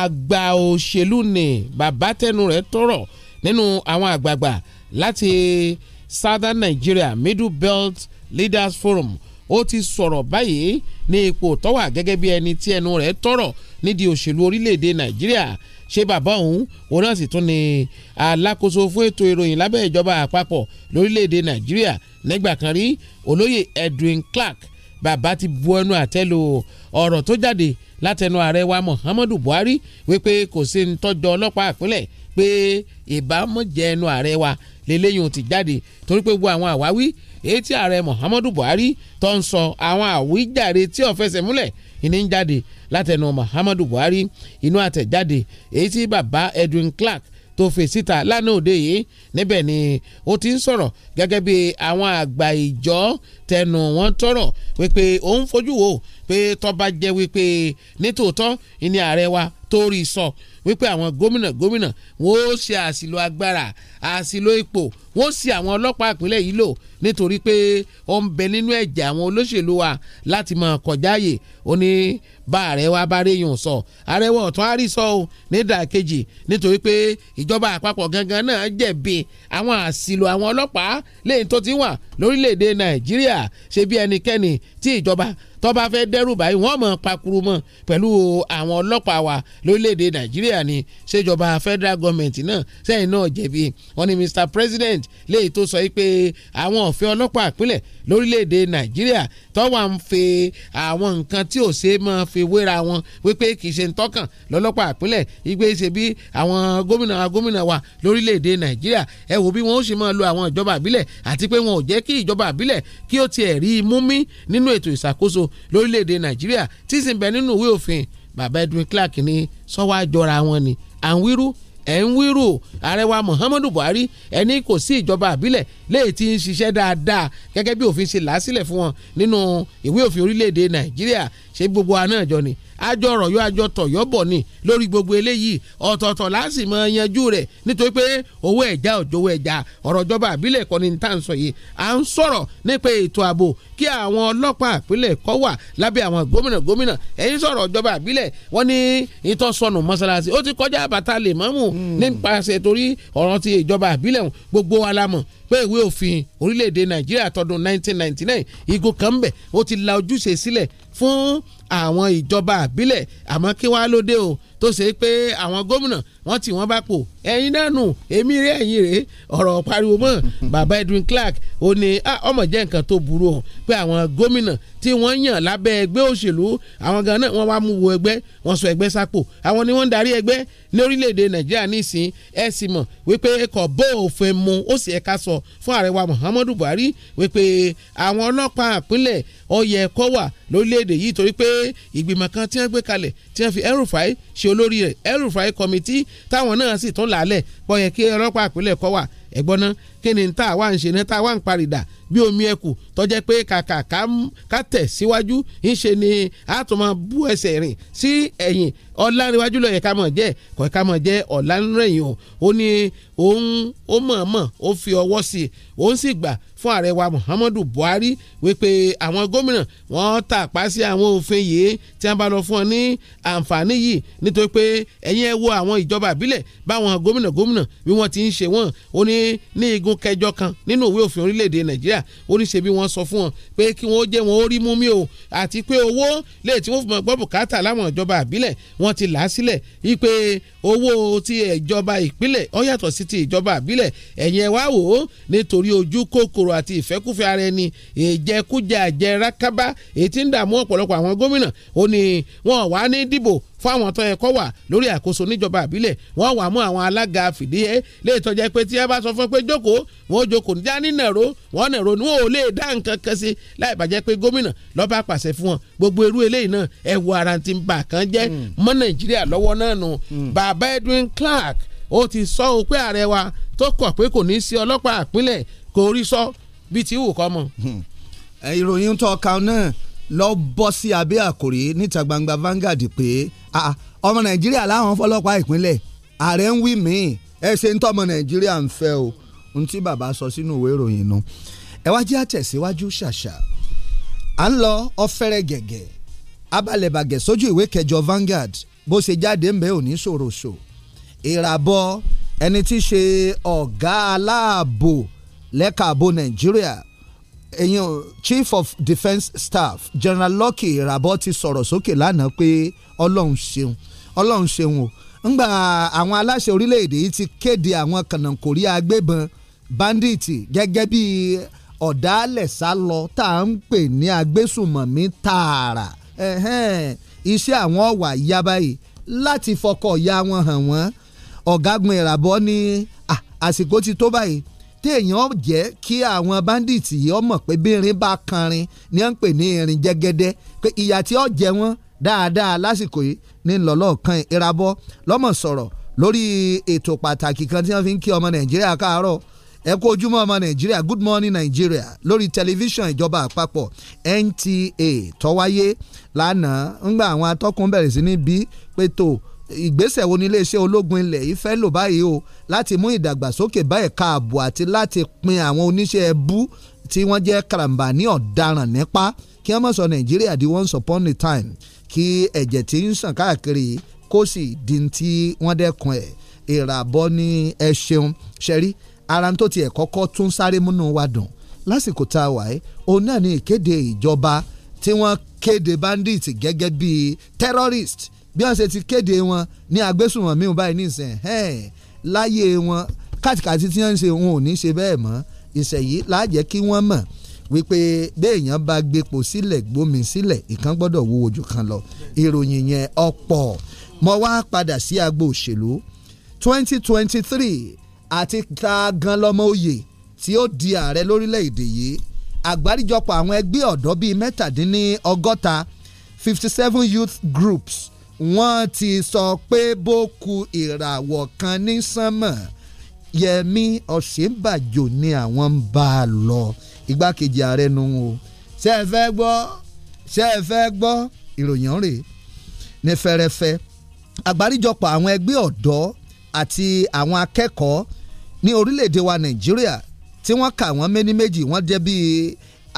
àgbà òṣèlú ni bàbá tẹnu rẹ̀ tọrọ nínú àwọn àgbààgbà láti Southern Nigeria Middle Belt Leaders Forum ó ti sọ̀rọ̀ báyìí ní ipò tọ́wà gẹ́gẹ́ bí ẹni tí ẹnu rẹ̀ tọ̀rọ̀ nídìí òṣèlú orílẹ̀-èdè Nàìjíríà ṣé bàbá òun òun náà sì tún ni alákòóso fún ètò ìròyìn lábẹ́ ìjọba àpapọ̀ lórílẹ̀‐èdè nàìjíríà nígbà kan rí olóyè Edwin Clark bàbá ti bu ẹnu àtẹ́ lu ọ̀rọ̀ tó jáde látẹnu ààrẹ wa Muhammadu Buhari wípé kò sí ń tọ́jọ ọlọ́pàá àpilẹ̀ pé ìbámu jẹ ẹnu ààrẹ wa lélẹ́yìn òun ti jáde torí pé gbogbo àwọn àwáwí èyí tí ààrẹ Muhammadu Buhari tó ń sọ àwọn àwíjàre tí ò fẹsẹ̀ múlẹ̀ ìní ń jáde látẹnu Muhammadu Buhari inú àtẹ̀jáde èyí tí bàbá Edwin Clark tó fè síta lánàá òde yìí níbẹ̀ ni ó ti ń sọ̀rọ̀ gẹ́gẹ́ bí àwọn àgbà ìjọ tẹnu wọn tọrọ wípé òun fojú wo pé tọ́ba jẹ́ wípé nítòótọ́ ìní ààrẹ wa torí sọ wípé àwọn gómìnà gómìnà wọn ó ṣe àṣìlò agbára àṣìlò ipò wọn ó ṣì àwọn ọlọ́pàá ìpínlẹ̀ yìí lò nítorí pé ó ń bẹ nínú ẹ̀jẹ̀ àwọn olóṣèlú wa láti mọ̀ kọjá yè ó ní bá ààrẹ wa bá réyìn sọ ààrẹ wa ọ̀tún á rí sọ o nídàkejì nítorí pé ìjọba àpapọ̀ gangan náà jẹ̀bi àwọn àṣìlò àwọn ọlọ́pàá lẹ́yìn tó ti wà lórílẹ̀‐èdè nàìjíríà ṣe bí ẹnikẹ́ni tí ìjọba tó bá fẹ́ dẹ́rù báyìí wọ́n mọ̀ pakuru mọ́ pẹ̀lú àwọn ọlọ́pàá wa lórílẹ̀‐èdè nàìjíríà ni ṣèjọba federal government náà sẹ́yìn náà jẹ̀bi wọn ni mr president léyìí tó sọ pé àwọn ọ̀fẹ́ ọlọ́pàá àpilẹ̀ lórílẹ̀‐èdè nàìjíríà tó wà ń fi àwọn nǹkan tí ò ṣe máa fi wéra wọn wípé kì í ṣe ń tọ́kàn lọ́lọ́pàá àpilẹ̀ igbe ṣe bí àwọn gómìnà gómìnà wa lórílẹ̀‐èdè nàìjíríà ẹ wò bí wọ́n ó ṣe máa lo àwọn ìjọba àbílẹ̀ àti pé wọn ò jẹ́ kí ìjọba àbílẹ̀ kí ó tiẹ̀ rí i mú mí nínú ètò ìṣàkóso lórílẹ̀‐èdè nàìjíríà tí sì ń bẹ nínú ìwé òfin bàbá Edwin Clark ní sọ́wọ́ àjọra wọn ni à ń wírú ẹ̀ ń wírú ààrẹ Muhammadu Buhari ẹni kò sí ìjọba àbílẹ̀ léyìí tí ń ṣiṣẹ́ dáadáa gẹ́gẹ́ bí òfin ṣe là á sílẹ̀ fún wọn nínú ìwé òfin orílẹ̀‐èdè nàìjíríà ṣé gbogbo àná ìjọ ni àjọ ọ̀rọ̀yọ́ àjọ tọ̀yọ́ bọ̀ ni lórí gbogbo eléyìí ọ̀tọ̀ọ̀tọ̀ láti mọ yanjú rẹ̀ nítorí pé owó ẹ̀já òjòwó ẹ̀já ọ̀rọ̀ ìjọba àbílẹ̀ kọ́ni ní tá à ń sọ yìí à ń sọ̀rọ̀ nípa ètò ààbò kí àwọn ọlọ́pàá àpilẹ̀ kọ́ wà lábẹ́ àwọn gómìnà gómìnà ẹ̀yìn sọ̀rọ̀ ìjọba àbílẹ̀ wọ́n ní ìtọ́sọnù mọ́sálásí ó ti kọjá bàtà lè mọ́mù hmm. nípasẹ̀ torí ọ̀rọ̀ ti ìjọba àbílẹ̀ gbogbo wa la mọ̀ pé ìwé òfin orílẹ̀-èdè nàìjíríà tọdún 1999 igun kan bẹ̀ ó ti la ojúṣe sílẹ̀ fún àwọn ìjọba àbílẹ̀ àmọ́ kí wàá lóde o tó ṣe pé àwọn gómìnà wọ́n tì wọ́n bá pò ẹ̀yin náà nù èmi rẹ̀ ẹ̀yin rẹ̀ ọ̀rọ̀ pariwo mọ́ bàbá Edwin Clark ó ní ah, ọmọ jẹ́ nǹkan tó burú o pé àwọn gómìnà tí wọ́n yàn lábẹ́ ẹgbẹ́ òṣèlú àwọn gan náà wọ́n wá mú wo ẹgbẹ́ wọ́n sọ ẹgbẹ́ sápò àwọn ni wọ́n ń darí ẹgbẹ́ ní orílẹ̀-èdè Nàìjíríà nísìn ẹ̀ sì mọ̀ wípé kò bó òfin mu ó sì ẹ̀ka sọ fún ààrẹ wa Muhammadu Buhari wípé àwọn ọlọ́pàá àpínlẹ̀ ó yẹ kó wà lórílẹ̀‐èdè yìí torí pé ìgbìmọ̀ kan tí wọ́n gbé kalẹ̀ tí wọ́n fi el ṣe olórí rẹ̀ el committee táwọn náà sì tún làálẹ̀ bọ́yẹ kí ọlọ́pàá ìpínlẹ̀ kọ́ wà ẹ̀gbọ́n náà kí ni tá a wá ń ṣe ní tá a wá ń parìdà bí omi ẹkù tọ́jẹ́ pé kàkà ká tẹ̀ síwájú ń ṣe ni a tún máa bú ẹsẹ̀ rìn sí ẹ̀yìn ọ̀lànìwájú lọ yẹ ká mọ̀ jẹ́ kọ̀ ká mọ̀ jẹ́ ọ̀lànìrẹ̀yìn o ó ní òun ó mọ̀ọ́mọ̀ ó fi ọwọ́ sí i òun sì gbà fún ààrẹ wa Muhammadu Buhari wípé àwọn gómìnà wọn tàpá sí àwọn òfin yìí tí wọn bá lọ fún ọ ní àǹfààní yìí nítorí pé ẹ̀yin ẹ wo àwọn ìjọba àbílẹ̀ báwọn gómìnà gómìnà bí wọ́n ti ń ṣe wọ́n ó ní ní igun ogun kẹjọ kan nínú ìwé òfin orílẹ̀-èdè nàìjíríà ó ní ṣe bí wọ́n sọ fún wọn pé kí wọ́n jẹ́ wọn ó rí mú mi o àti pé owó lè tí wọ́n fi mọ̀ gbọ́ bùkátà láwọn ìjọba àbílẹ̀ wọ́n ti là á sílẹ̀ wípé owó ti ìjọba ìpínlẹ̀ ó yàtọ̀ sí ti ìjọba àbílẹ̀ ẹ̀yin ẹ̀ wá wò ó nítorí ojú kòkòrò àti ìfẹ́kúfẹ́ ara ẹni ìjẹkújẹ àjẹrákábá èyí tí ń dààmú ọ̀pọ̀lọpọ̀ àwọn gómìnà ó ní wọn wà ní dìbò fáwọn tó yẹ kó wà lórí àkóso níjọba àbílẹ̀ wọ́n wà mú àwọn alága fìdíhẹ́ lè tọ́jà pé tí ẹ bá sọ fún pé jókòó wọ́n jókòó níjà ní nàró wọ́n nàró ni wọ́n ò lè dá nǹkan kan sí láì bàjẹ́ pé gómìnà lọ́ba pàṣẹ fún wọn gbogbo irú eléyìí náà ẹ wo ara ti ń bà kan jẹ́ hmm. mọ́ nàìjíríà lọ́wọ́ náà nù hmm. bàbá Edwin Clark ó ti sọ ọ pé ààrẹ wa tó kọ̀ pé kò ní í sí ọlọ́pàá àpínlẹ̀ kò rí sọ bíi ti wù kọ́ hmm. ìròyìn tó kàn náà lọ bọ́ sí abẹ́ àkòrí níta gbangba Vanguard pé Ah, ah. ọmọ nàìjíríà láwọn fọlọ́pàá ìpínlẹ̀ ààrẹ ń wí mí ẹ ṣe ń tọ́mọ nàìjíríà ń fẹ́ o ohun tí bàbá sọ sínú ìwé ìròyìn nu ẹ wá jẹ́ àtẹ̀síwájú ṣàṣà à ń lọ ọ̀fẹ́rẹ́ gẹ̀gẹ̀ abalẹ̀bàgẹ̀ sójú ìwé kẹjọ Vanguard bó ṣe jáde ń bẹ òní ṣòroṣò ìràbọ̀ ẹni tí ṣe ọ̀gá aláàbò lẹ́ka nàìjíríà ẹ̀yin o chief of defence staff general Lucky Irabor ti sọ̀rọ̀ sókè lánàá pé ọlọ́run ṣeun ọlọ́run ṣeun o ńgbà àwọn aláṣẹ orílẹ̀-èdè yìí ti kéde àwọn kànáńkórí agbébọn bandits gẹ́gẹ́ bí ọ̀dàálẹ̀ sá lọ tá à ń pè ní agbésùmọ̀mí tààrà iṣẹ́ àwọn ọ̀wà ya báyìí láti fọkọ̀ ya wọn hàn wọ́n ọ̀gágun Irabor ní àsìkò ti tó báyìí téèyàn jẹ́ kí àwọn báńdíìtì yìí ọmọ pé bínrin bá kanrin ní à ń pè ní irin jẹ́gẹ́dẹ́ pé ìyà tí ó jẹ wọ́n dáadáa lásìkò yìí ní lọ́lọ́ọ̀kan ìrabọ́ lọ́mọ sọ̀rọ̀ lórí ètò pàtàkì kan tí wọ́n fi ń kí ọmọ nàìjíríà káàárọ̀ ẹ kú ojúmọ́ ọmọ nàìjíríà good morning nàìjíríà lórí tẹlifíṣàn ìjọba àpapọ̀ NTA tó lánàá ńgbà àwọn atọ́kùn bẹ̀rẹ̀ sí ní bí pé tó ìgbésẹ̀ wo ni iléeṣẹ́ ológun ilẹ̀ yìí fẹ́ lò báyìí o láti mú ìdàgbàsókè bá ẹ̀ka ààbò àti láti pin àwọn oníṣẹ́ ẹbú tí wọ́n jẹ́ karambà ní ọ̀daràn nípa kí wọ́n mọ̀ sọ Nàìjíríà di once upon a time kí ẹ̀jẹ̀ tí ń sàn káàkiri kó sì di ti wọ́n dẹ́kun ẹ̀ ìràbọ̀ ni ẹ ṣeun ṣẹ́rí ara tó tiẹ̀ kọ́kọ́ tún sáré múnú wa dùn lásìkò tá a wà ẹ́ òun náà ni ìkéde ìjọba tí wọ́n kéde bandits gẹ́gẹ́ bíi terrorists bí wọ́n ṣe ti kéde wọn ní agbésùnmọ̀ mi ò báyìí nísìn láyé wọn kàtìkàtì tí wọ́n ń ṣe wọn ò ní ṣe bẹ́ẹ̀ mọ́ ìṣẹ̀yí láàjẹ́ kí wọ́n mọ̀ wípé béèyàn bá gbépo sílẹ̀ gbómi sílẹ̀ ìkan gbọ́dọ̀ wo ojú kan lọ ìròyìn yẹn ọ̀pọ̀ mo wá padà sí agbo òṣèlú 2023 twenty three àti ta gan lọ́mọ oyè tí ó di ààrẹ lórílẹ̀‐èdè yìí àgbáríjọpọ̀ àwọn ẹgbẹ́ ọ̀dọ́ bíi mẹ́tàdínní ọgọ́ta fifty youth groups wọ́n ti sọ pé bó ku ìràwọ̀ kan ní sánmọ̀ Yẹmi Ọ̀ṣínbàjò ni àwọn ń bá a lọ igbákejì ààrẹ nu o ṣe é fẹ́ gbọ́ ṣe é fẹ́ gbọ́ ìròyìn rèé ní fẹ́rẹ́fẹ́ àgbáríjọpọ̀ àwọn ẹgbẹ́ ọ̀dọ́ àti àwọn akẹ́kọ̀ọ́ ní orílẹ̀-èdè wa Nàìjíríà tí wọ́n kà wọ́n méní méjì wọ́n jẹ́ bíi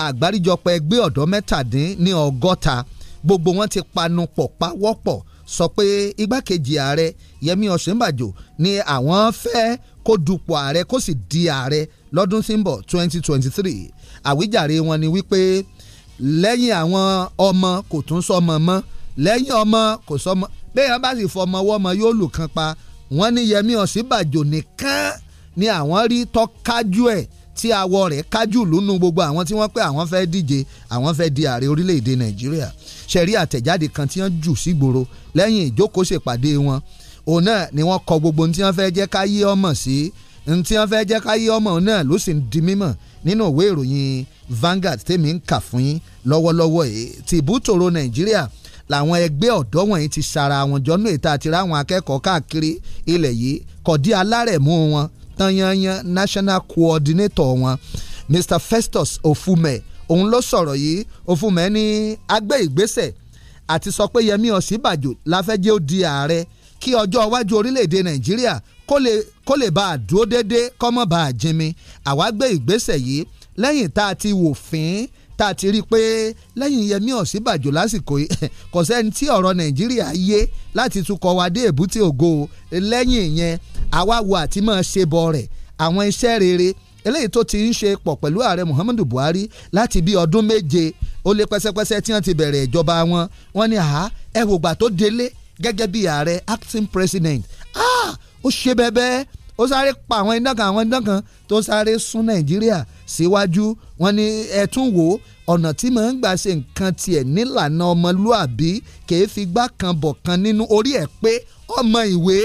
àgbáríjọpọ̀ ẹgbẹ́ ọ̀dọ́ mẹ́tàdín ní ọgọ́ta gbogbo wọn ti panu pọ̀ pawọ́pọ̀ sọ pé igbákejì ààrẹ Yẹmí Ọ̀ṣínbàjò ni àwọn fẹ́ kó dupò ààrẹ kó sì di ààrẹ lọ́dún tí ń bọ̀ 2023 àwíjàre wọn ni wípé lẹ́yìn àwọn ọmọ kò tún sọmọ mọ́ lẹ́yìn ọmọ kò sọmọ bẹ́ẹ̀ bá sì fọmọ wọ́mọ yóò lù kan pa wọ́n ní Yẹmí Ọ̀ṣínbàjò nìkan ni àwọn rí tọ́kájú ẹ̀ tí awọ rẹ̀ kájú lónú gbogbo àwọn tí wọ́n pé àwọn fẹ́ díje àwọn fẹ́ di ààrẹ orílẹ̀-èdè nàìjíríà ṣẹ̀rí àtẹ̀jáde kan tí wọ́n jù sígboro lẹ́yìn ìjókòó ṣèpàdé wọn òun náà ni wọ́n kọ gbogbo ohun tí wọ́n fẹ́ jẹ́ káyé ọmọ sí ohun tí wọ́n fẹ́ jẹ́ káyé ọmọ náà ló sì ń di mímọ̀ nínú ìwé ìròyìn Vanguard tèmi ń kà fún yín lọ́wọ́lọ́wọ́ yìí ti ìbútòrò nàìjíríà làwọn ẹgbẹ́ ọ̀dọ́ wọ̀nyí ti sara àwọn jọ́nú ìta àti ráwọn akẹ́kọ̀ọ́ káàkiri ilẹ̀ yìí kọ̀dí alárẹ̀mú wọn yanyan national coordinator wọn Mr Festus Ofume òun ló sọ̀rọ̀ yìí Ofume ní agbé ìgbésẹ̀ àti sọ pé Yẹmí Ọ̀sínbàjò la fẹ́ jẹ́ ó di ààrẹ kí ọjọ́ iwájú orílẹ̀-èdè Nàìjíríà kó lè bá a dúró déédéé kọ́mọ́ bá a jinmi àwa gbé ìgbésẹ̀ yìí lẹ́yìn tá a ti wò fín tá a ti rí i pé lẹ́yìn Yẹmí Ọ̀sínbàjò lásìkò yìí kò sẹ́ni tí ọ̀rọ̀ Nàìjíríà yé láti tukọ̀ wa dé èbúté ògo lẹ́yìn ìyẹn àwa wo àti máa ṣe bọ rẹ̀ àwọn iṣẹ́ rere eléyìí tó ti ń ṣe pọ̀ pẹ̀lú ààrẹ Muhammadu Buhari láti bí ọdún méje ó lé pẹ́sẹ́pẹ́sẹ́ tí wọ́n ti bẹ̀rẹ̀ ìjọba wọn wọ́n ní àá ẹ wò gbà tó délé gẹ́gẹ́ bí ààrẹ acting president ah ó ṣe bẹ́ẹ̀ ó sáré pa àwọn idán kan àwọn idán kan tó sáré sún Nàìjíríà síwájú wọ́n ní ẹ tún wò ó ọ̀nà tí mò ń gbà ṣe nǹkan tiẹ̀ nílànà ọmọlúàbí kèé fi gbá kan bọ̀ kan nínú orí ẹ̀ pé ọmọ ìwé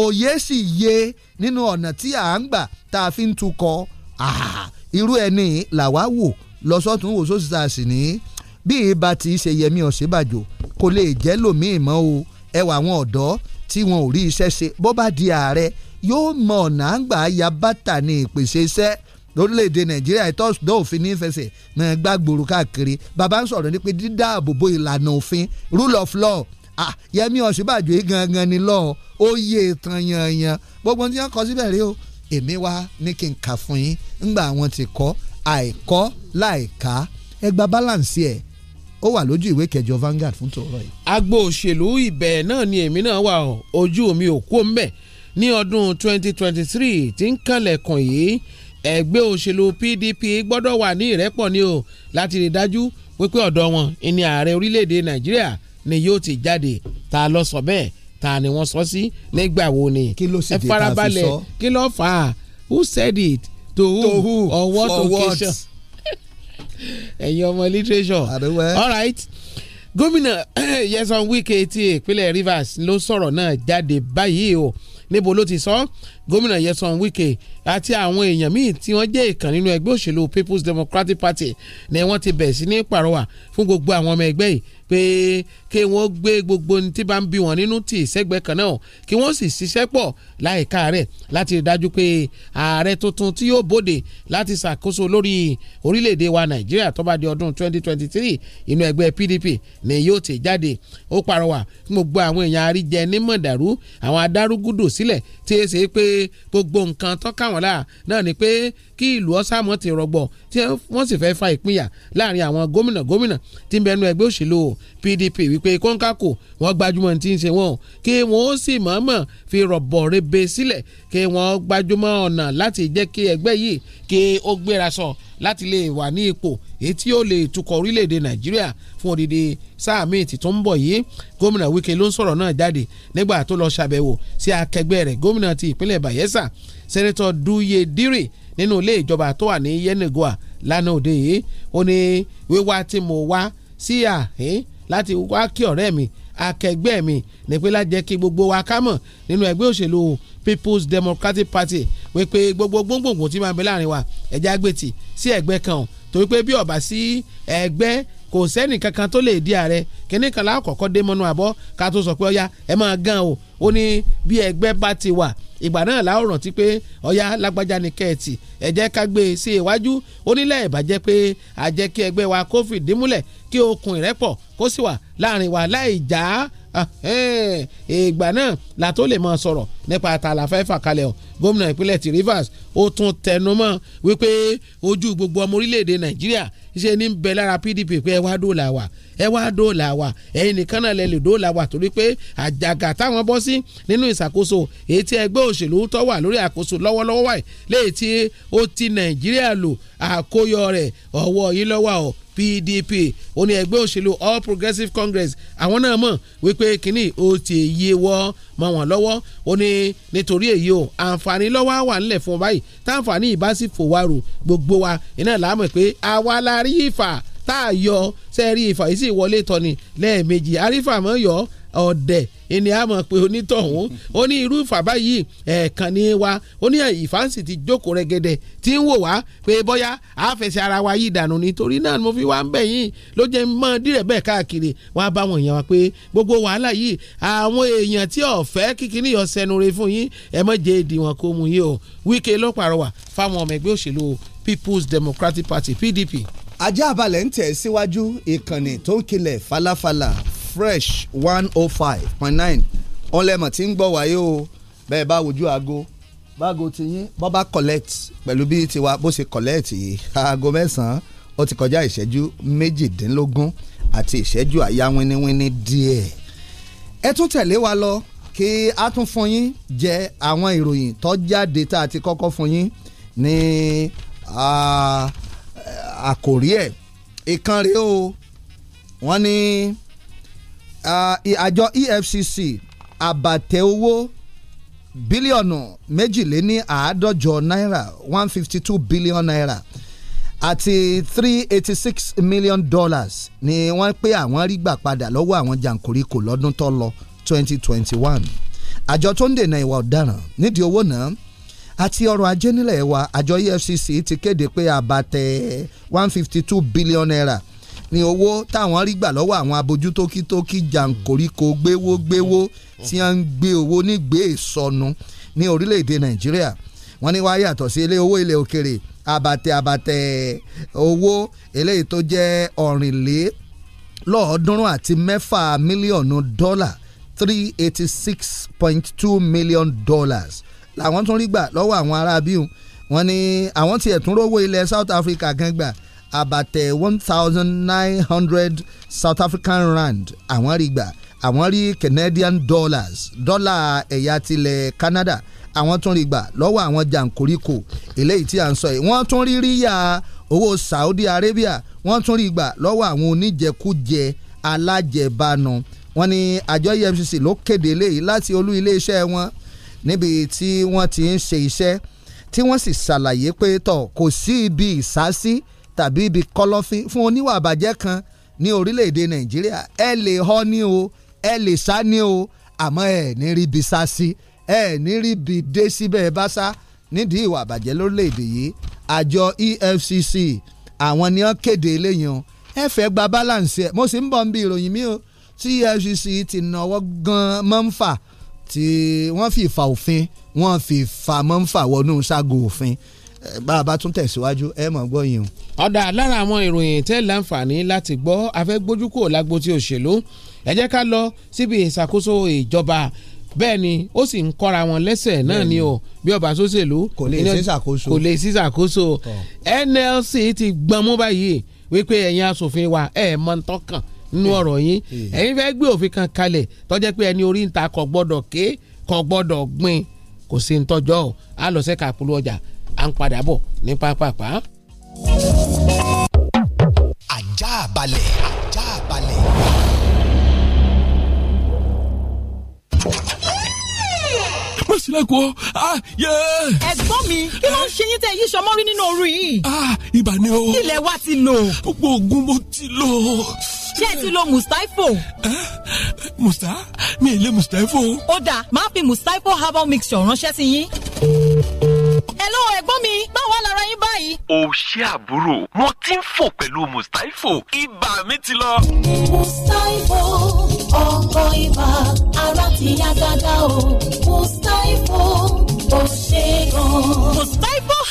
òye sì yé nínú ọ̀nà tí à ń gbà tá a fi ń tukọ̀ irú ẹni làwa wò lọ́sọ̀tún wò sósì sàṣì ní bí ibà tí í ṣe Yẹmí Ọ̀ṣínbàjò kò lè jẹ́ lòmíì mọ́ o ẹwà àwọn ọ̀dọ́ tí wọn ò rí iṣẹ́ ṣe bó bá di ààrẹ yóò mọ ọ̀nà àgbà ya bàtà ní ìpèsè iṣẹ́ lórílẹ̀‐èdè nàìjíríà ìtọ́sùdọ́ òfin ní ìfẹsẹ̀ náà gbàgbòrò káàkiri bàbá ń sọ̀rọ̀ nípa dídáàbòbò ìlànà òfin rule of law Yẹmi Ọ̀ṣínbàjò yìí gangan ni lọ́hùn ó yé e tan yanyan gbogbo tí wọ́n kọ síbẹ̀ rí o èmi wá ní kí n kà fún yín ńgbà àwọn ti kọ́ àìkọ́ láìka ẹ gba balance ẹ̀ ó wà lójú ìwé kẹjọ Vanguard fún tòórọ́ yìí. agbo òṣèlú ibẹ̀ náà ni èmi náà wà ọ́ ojú mi ò kú mbẹ̀ ní ọdún 2023 tí ń kànlẹ̀kùn yìí ẹgbẹ́ òṣèlú PDP gbọ́dọ̀ wà ní ìrẹ́pọ̀ ni o láti rí dájú wípé ọ̀dọ̀ wọn ìní ààrẹ orílẹ̀-èdè Nàìjíríà ni yóò ti jáde ta lọ sọ bẹ́ẹ̀ ta ni wọ́n sọ sí nígbà wo ni ẹ farabalẹ̀ kí ló fà á who said it to who, to who or what occasion ẹ̀yin ọmọ literature all right gómìnà Nyesom Wike ti ìpínlẹ̀ Rivers ló sọ̀rọ̀ náà jáde báyìí o níbo ló ti sọ gómìnà Nyesom Wike àti àwọn èèyàn míì tí wọ́n jẹ́ ìkan nínú ẹgbẹ́ òṣèlú People's Democratic Party ni wọ́n ti bẹ̀rẹ̀ sí ní pàrọwà fún gbogbo àwọn ọmọ ẹgbẹ́ yìí pé kí wọ́n gbé gbogbo ohun tí bá ń bí wọn nínú tì sẹ́gbẹ́ kan náà kí wọ́n sì ṣiṣẹ́ pọ̀ láìka rẹ̀ láti rí dájú pé ààrẹ tuntun tí yóò bòde láti ṣàkóso lórí orílẹ̀-èdè wa Nàìjíríà tó bá di ọdún 2023 inú ẹgbẹ́ PDP ni yóò ti jáde ó pàrọwà fún gbogbo àwọn èèyàn àríjẹ ní mọ̀dàrú àwọn adárúgúdù sílẹ̀ tí ó ṣe pé gbogbo nǹkan tọ́ka wọn láà náà ni pé kí ìlú ọ̀sàmọ́ ti rọgbọ̀ tí wọ́n sì fẹ́ẹ́ fa ìpínyà láàrin àwọn gómìnà gómìnà tí ń bẹnu ẹgbẹ́ òṣèlú PDP wípé kọ́ńkàkò wọ́n gbajúmọ̀ ti ń ṣe wọ́n kí wọ́n ó sì mọ̀ọ́mọ̀ fi rọ̀bọ̀ rebe sílẹ̀ kí wọ́n gbajúmọ̀ ọ̀nà láti jẹ́ kí ẹgbẹ́ yìí kí ó gbéra sọ láti lè wà ní ipò èyí tí yóò lè tukọ̀ orílẹ̀-èdè nàìjíríà fún odidi sáà míì tí tó ń bọ̀ yìí gómìnà wike ló ń sọ̀rọ̀ náà jáde nígbà tó lọ ṣàbẹ̀wò sí akẹgbẹ́ rẹ̀ gómìnà ti ìpínlẹ̀ bayelsa sẹ́nẹ́tọ̀ duye diri nínú ilé ìjọba tó wà ní yenegoa lánàá òde yìí ó ní wíwá tí mo wá sí àhín láti wá kí ọ̀rẹ́ mi akẹgbẹ́ mi nípínlẹ̀ jẹ́ kí gbogbo wa ká mọ̀ nínú ẹgbẹ́ òṣèlú people's democratic party wípé gbogbo gbóngbòngbò tí máa ń bẹ láàrin wa ẹ̀já gbètì sí ẹ̀gbẹ́ kan o torí pé bí ọ̀bà sí ẹ̀gbẹ́ kò sẹ́nì kankan tó lè di ààrẹ kínní kan lákọ̀ọ́kọ́ dé mọ́nú àbọ̀ ká tó sọ pé ọ̀ya ẹ máa gan o ó ní bí ẹgbẹ́ bá ti wà ìgbà náà la ó rántí pé ọ̀ya lágbájá ni kẹ́ẹ̀tì ẹ jẹ́ ká e sí iwájú ó nílẹ̀ ìbàjẹ́ pé àjẹ́ kí ẹgbẹ́ wa kó fìdí kí okùn ìrẹ́pọ̀ kó sì wà láàrin wa láì já ah, eh ẹ̀ ìgbà náà la tó lè máa sọ̀rọ̀ nípa àtàlà fẹ́ fàkalẹ̀ ọ̀ gómìnà ìpínlẹ̀ ti Rivers ó tún tẹnumọ́ wípé ojú gbogbo ọmọ orílẹ̀-èdè Nàìjíríà ṣe ní bẹ lára PDP pé ẹ wá dóòlà wà ẹ wá dóòlà wà ẹ̀yin nìkan náà lẹ lè dóòlà wà torí pé àjàgà táwọn bọ́ sí nínú ìṣàkóso èyí tí ẹgbẹ́ òṣèlú tó wà lórí àkóso lọ́wọ́lọ́wọ́ wáyé léyìí tí ó ti Nàìjíríà lò àkóyọ rẹ̀ ọwọ́ yìí lọ́wọ́ ọ̀ PDP ó ní ẹgbẹ́ òṣèlú All Progressives Congress àwọn náà mọ̀ wípé kínní ó ti yé wọ́ mọ́ wọn lọ́wọ́ ó ní nítorí èyí o àǹfààní lọ́wọ́ wà ńlẹ̀ fún báyìí táǹfààní ìbá sì fò wá rò gbogbo wa iná làámọ̀ pé àwa la rí ìfà tá a yọ sẹ́ẹ̀rí ìfà yìí sì wọlé tọ́ni lẹ́ẹ̀mejì àrífà mọ́ yọ ọ̀dẹ̀ ni a mọ̀ pé onítọ̀hún ó ní irú ìfàbá yìí ẹ̀ẹ̀kan ní wa ó ní ìfáǹsì ti jókòó rẹ̀gẹ̀dẹ̀ tí ń wò wá pé bóyá a fẹsẹ̀ ara wa yìí dànù nítorí náà mo fi wá ń bẹ̀ yín ló jẹ́ mọ́ dírẹ̀ bẹ́ẹ̀ káàkiri wá bá wọn èèyàn wa pé gbogbo wàhálà yìí àwọn èèyàn tí ọ̀fẹ́ kíkiri yọ sẹnu re fún yín ẹ mọ̀ jẹ́ èdè wọn kó mu yín o Wike ló pàrọwà fáwọn ọmọ ẹgbẹ́ òṣèlú People's Democratic Party PDP. ajá balẹ̀ ń tẹ̀ síwájú ìkànnì tó ń kilẹ̀ falafala fresh one oh five point nine ọ̀nlẹ́mọ̀ tí ń gbọ́ wáyé o bẹ́ẹ̀ bá wojú aago báago ti yín bọ́bá collect pẹ̀lú bí tiwa bó ṣe collect yìí aago mẹ́sàn-án ó ti kọjá ìṣẹ́jú méjìdínlógún àti ìṣẹ́jú àyà wíníwíní díẹ̀ ẹ tún tẹ̀lé wa lọ kí a tún fún yín jẹ àwọn ìròyìn tó jáde tá a ti kọ́kọ́ fún yín ní àkòrí ẹ̀ ìkan o wọ́n ní. Ni Uh, àjọ EFCC àbàtẹ owó bílíọ̀nù méjìléní àádọ́jọ náírà one fifty two billion naira àti three eighty six million dollars ni wọ́n pé àwọn rí gbà padà lọ́wọ́ àwọn jàǹkóríkò lọ́dún tó lọ twenty twenty one àjọ tó ń dènà ìwà ọ̀daràn nídìí owó náà àti ọrọ̀ ajé nílẹ̀ wa àjọ EFCC ti kéde pé àbàtẹ one fifty two billion naira ní owó táwọn rí gbà lọ́wọ́ àwọn abojú tókítókí jàǹkóríko gbéwó gbéwó tí wọ́n ń gbé owó nígbé ìsọnù ní orílẹ̀-èdè nàìjíríà wọ́n ní wá yàtọ̀ sí ilé owó ilẹ̀ òkèrè abatẹ abatẹ owó eléyìí tó jẹ́ ọ̀rìnlélọ́ọ̀ọ́dúnrún àti mẹ́fà mílíọ̀nù dọ́là three eighty six point two million dollars làwọn tún rí gbà lọ́wọ́ àwọn ará bíun wọ́n ní àwọn tiẹ̀ tún ilẹ̀ South Africa gangba about one thousand nine hundred South African rand àwọn rí gbà àwọn rí Canadian dollars dọ́là ẹ̀yà tilẹ̀ Canada àwọn tún rí gbà lọ́wọ́ àwọn jàǹkóríkò eléyìí tí à ń sọ yìí wọ́n tún rí ríyà owó Saudi Arabia wọ́n tún rí gbà lọ́wọ́ àwọn oníjẹkújẹ alájẹbánu wọ́n ní àjọ EFCC ló kéde eléyìí láti olú iléeṣẹ́ wọn níbi tí wọ́n ti ń ṣe iṣẹ́ tí wọ́n sì ṣàlàyé pé tọ̀ kò sí ibi ìsásí tàbí ibi kọ̀lọ̀fín fún oníwà àbàjẹ́ kan ní orílẹ̀-èdè nàìjíríà ẹ lè họ ní o ẹ lè sá ní o àmọ́ ẹ ní rí bi sá sí ẹ ní rí bi dé síbẹ̀ ẹ bá sá nídìí ìwà àbàjẹ́ lórílẹ̀-èdè yìí àjọ EFCC àwọn ni wọ́n kéde eléyìí o ẹ fẹ́ gba balance ẹ mo sì ń bọ̀ ń bi ìròyìn mi o tí EFCC ti náwó gan-an mọ́ ń tí wọ́n fi fa òfin wọ́n fi fa mọ́ wọnú ságo òfin bá a bá tún tẹ̀síwájú ẹ mọ̀ gbọ́ yìí o. ọ̀dà lára àwọn ìròyìn tẹ́ láǹfààní láti gbọ́ afẹ́gbójúkò lágbo ti òṣèlú ẹ jẹ́ ká lọ síbi ìṣàkóso ìjọba bẹ́ẹ̀ ni ó sì ń kọ́ra wọn lẹ́sẹ̀ náà ni o bí ọba sóṣèlú kò lè ṣíṣàkóso kò lè ṣíṣàkóso NLC ti gbọmú báyìí wípé ẹ̀yin asòfin wa ẹ̀ mọ́ ń tọ́kàn nínú eh, ọ̀rọ̀ yín eh. ẹ̀yin fẹ́ gbé òfin kan kalẹ̀ tó pé ẹni orí ń ta kò gbọ́dọ̀ ké kò gbọ́dọ̀ gbin kò sí ń tọ́jọ́ o á lọ sẹ́ka polówó ọjà à ń padà bọ̀ ní pápápá. ajá balẹ̀ ajá balẹ̀. má sílẹ̀kùn ọ́ ah yẹ́. ẹ̀gbọ́n mi kí ló ń ṣe yín tẹ́ yí sọmọ́rí nínú òru yìí. ah ibà ni o. ilẹ̀ wa ti lò. gbogbo oògùn mo ti lò. ṣé ẹ ti lo mustapho. Eh, musta mi ò lè mustapho. ó dáa máa fi mustapho herbal mixture ránṣẹ́ sí yín. Hello ẹ̀gbọ́n mi, báwo lára yín báyìí? O ṣé àbúrò, wọ́n ti ń fò pẹ̀lú Mustapho. Ibà mi ti lọ. Mustapho, ọkọ̀ ibà, ara ti yá gágá o. Mustapho, ò ṣe gan. Mustapho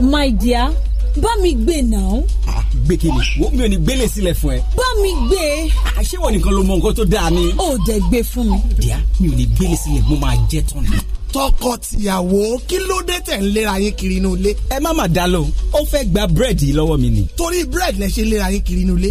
my dear bá mi gbé náà. gbé kiri wo mi ò ní gbélé sílẹ̀ fún ẹ. bá mi gbé. ṣé wọn nìkan ló mọ nǹkan tó dáa ni. ó dẹ gbé fún mi. díà mi ò ní gbélé sílẹ̀ mo máa jẹ tán ni. tọkọ kí ló dé tẹ̀ ń léra yín kiri inú ilé. ẹ má mà dá lóhùn ó fẹ́ gba búrẹ́dì lọ́wọ́ mi ni. torí búrẹ́dì lẹ ṣe léra yín kiri inú ilé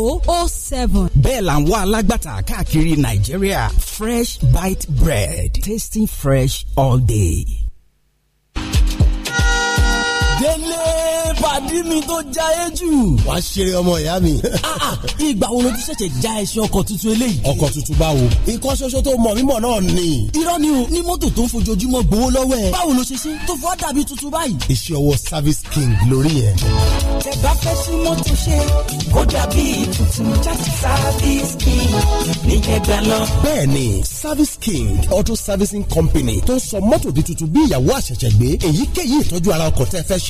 o o seven. bẹ́ẹ̀ la ń wá alágbàtà káàkiri nàìjíríà fresh bite bread tasting fresh all day. délé pàdí mi tó já e jù. wà á ṣeré ọmọ ìyá mi. Ah, ah, ìgbà wo ló ti ṣẹ̀ṣẹ̀ já ẹṣin ọkọ̀ tuntun eléyìí. ọkọ̀ tuntun báwo. ikọ́ ṣoṣo tó mọ̀ mímọ̀ náà ni. irọ́ ni o ní mọ́tò tó ń fojoojúmọ́ gbowó lọ́wọ́ ẹ̀. báwo ló ṣe ṣe tó fọ́ dàbí tuntun báyìí. iṣẹ́ ọwọ́ service king lórí yẹn. tẹ bá fẹ́ sí mọ́tò ṣe kó dàbí tuntun service king auto servicing company tó ń sọ mọ́tò di tuntun bí ìyàwó àṣẹ̀ṣẹ̀ gbé èyíkéyìí ìtọ́jú ara ọkọ̀ tẹ́ fẹ́ ṣ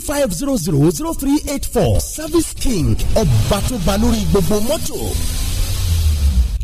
three five zero zero zero three eight four service king ọba tó ba lórí gbogbo mọ́tò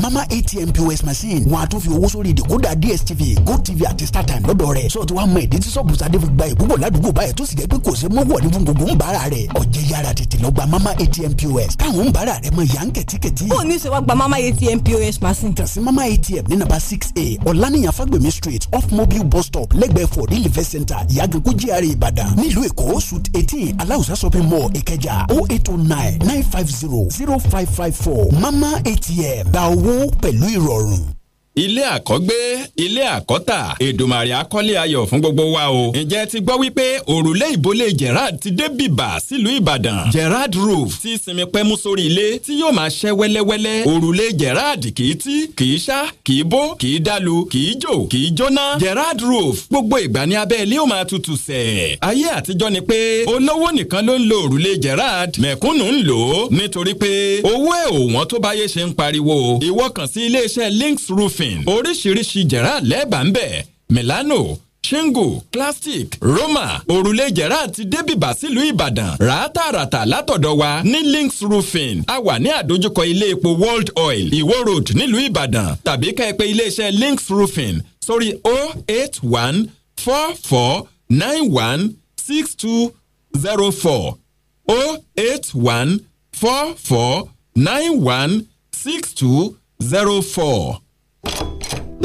mama atm pos machine wọn a tún fi owó sórí ìdèkódà dstv gotv àti startime lọ́dọ̀ rẹ̀ sọ ti wá mọ ìdí tí sọ́ọ̀bù sadé fi gba ìbúbọ̀ ládùúgbò báyìí tó sì jẹ́ pé kò sí mọ́wọ́ ní fún gbogbo ń bára rẹ̀ ọ̀jẹ̀ yára tètè lọ gba mama atm pos táwọn ń bára rẹ̀ mọ ìyá ń kẹ̀tíkẹ̀tí. ó ní sọ wá gba mama atm pos machine. kàn sí mama atm ní nàbà six a ọ̀lànìyàn fagbemi street off mobile bus stop lẹ́gbẹ̀ẹ́ for real event center ìyàgànkú gr ìbàdàn nílùú èkó suit eighteen aláùsá shopping mall ìkẹjà o oh eight o oh nine nine five zero zero five five four mama atm gba owó owó pẹ̀lú ìrọ̀rùn ilé àkọ́gbé ilé àkọ́tà Èdùmàrè akọ́lé ayọ̀ fún gbogbo wa o. ǹjẹ́ ti gbọ́ wípé òrùlé ìbólé Gerard ti dé bìbà sílùú Ìbàdàn Gerard roof ti sinmi pẹ́mú sórí ilé tí yóò máa ṣẹ́ wẹ́lẹ́wẹ́lẹ́ òrùlé Gerard kì í tí kì í ṣá kì í bó kì í dalu kì í jò kì í jóná Gerard roof gbogbo ìgbà ní abẹ́ ilé ó máa tutù sẹ̀. ayé àtijọ́ ni pé olówó nìkan ló ń lo òrùlé Gerard mẹ̀kúnnù ń lò ó nítorí pé owó ẹ̀ Links Roofing Sterling oríṣiríṣi jẹ̀rá lẹ́ẹ̀bà ń bẹ̀ Milano shingle plastic roma òrùlé jẹ̀rá àti débìbà sílùú ìbàdàn ràátàràtà látọ̀dọ̀ wa ní links roofing a wà ní àdójúkọ ilé epo world oil iwo road nílùú ìbàdàn tàbí ká ẹ pè iléeṣẹ́ links roofing sórí 08144916204 08144916204. you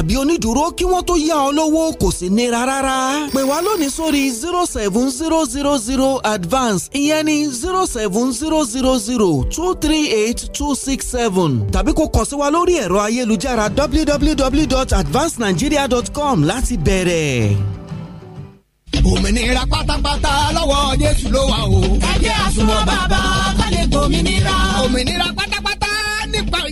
tàbí onídùúró kí wọ́n tó yá ọ lówó kò sí nira rárá. pè wá lónìí sórí zero seven zero zero zero advance ìyẹn ní zero seven zero zero zero two three eight two six seven tàbí kò kàn sí wa lórí ẹ̀rọ ayélujára www.advancenigeria.com láti bẹ̀rẹ̀ òmìnira pátápátá lọ́wọ́ Jésù ló wà o. ká jẹ́ àsùnwọ̀n bàbá ká lè gbòmìnira. òmìnira pátápátá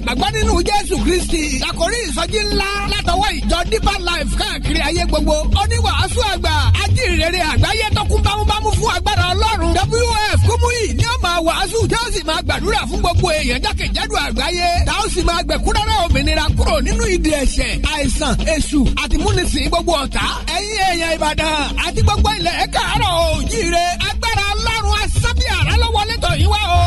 ìgbàgbọ́ nínú jésù kristi àkórí ìsọjí ńlá látọwọ́ ìjọ deeper life káàkiri ayé gbogbo oníwàásù àgbà ajínrere àgbáyé tó kún bámúbámú fún agbára ọlọ́run wf kúmúyì ni ó máa wàásù tí ó sì máa gbàdúrà fún gbogbo èèyàn jákèjádò àgbáyé tá ó sì máa gbẹ̀kúrẹ́rẹ́ òmìnira kúrò nínú ìdè ẹ̀ṣẹ̀ àìsàn èṣù àtìmúnisìn gbogbo ọ̀tá ẹ̀yin èèyàn ìbàdàn àti gbogbo ilẹ̀ káàárọ̀ oòjíire agbára ọlọ́run asábíàrá ló wọlé tọ̀ yín wá o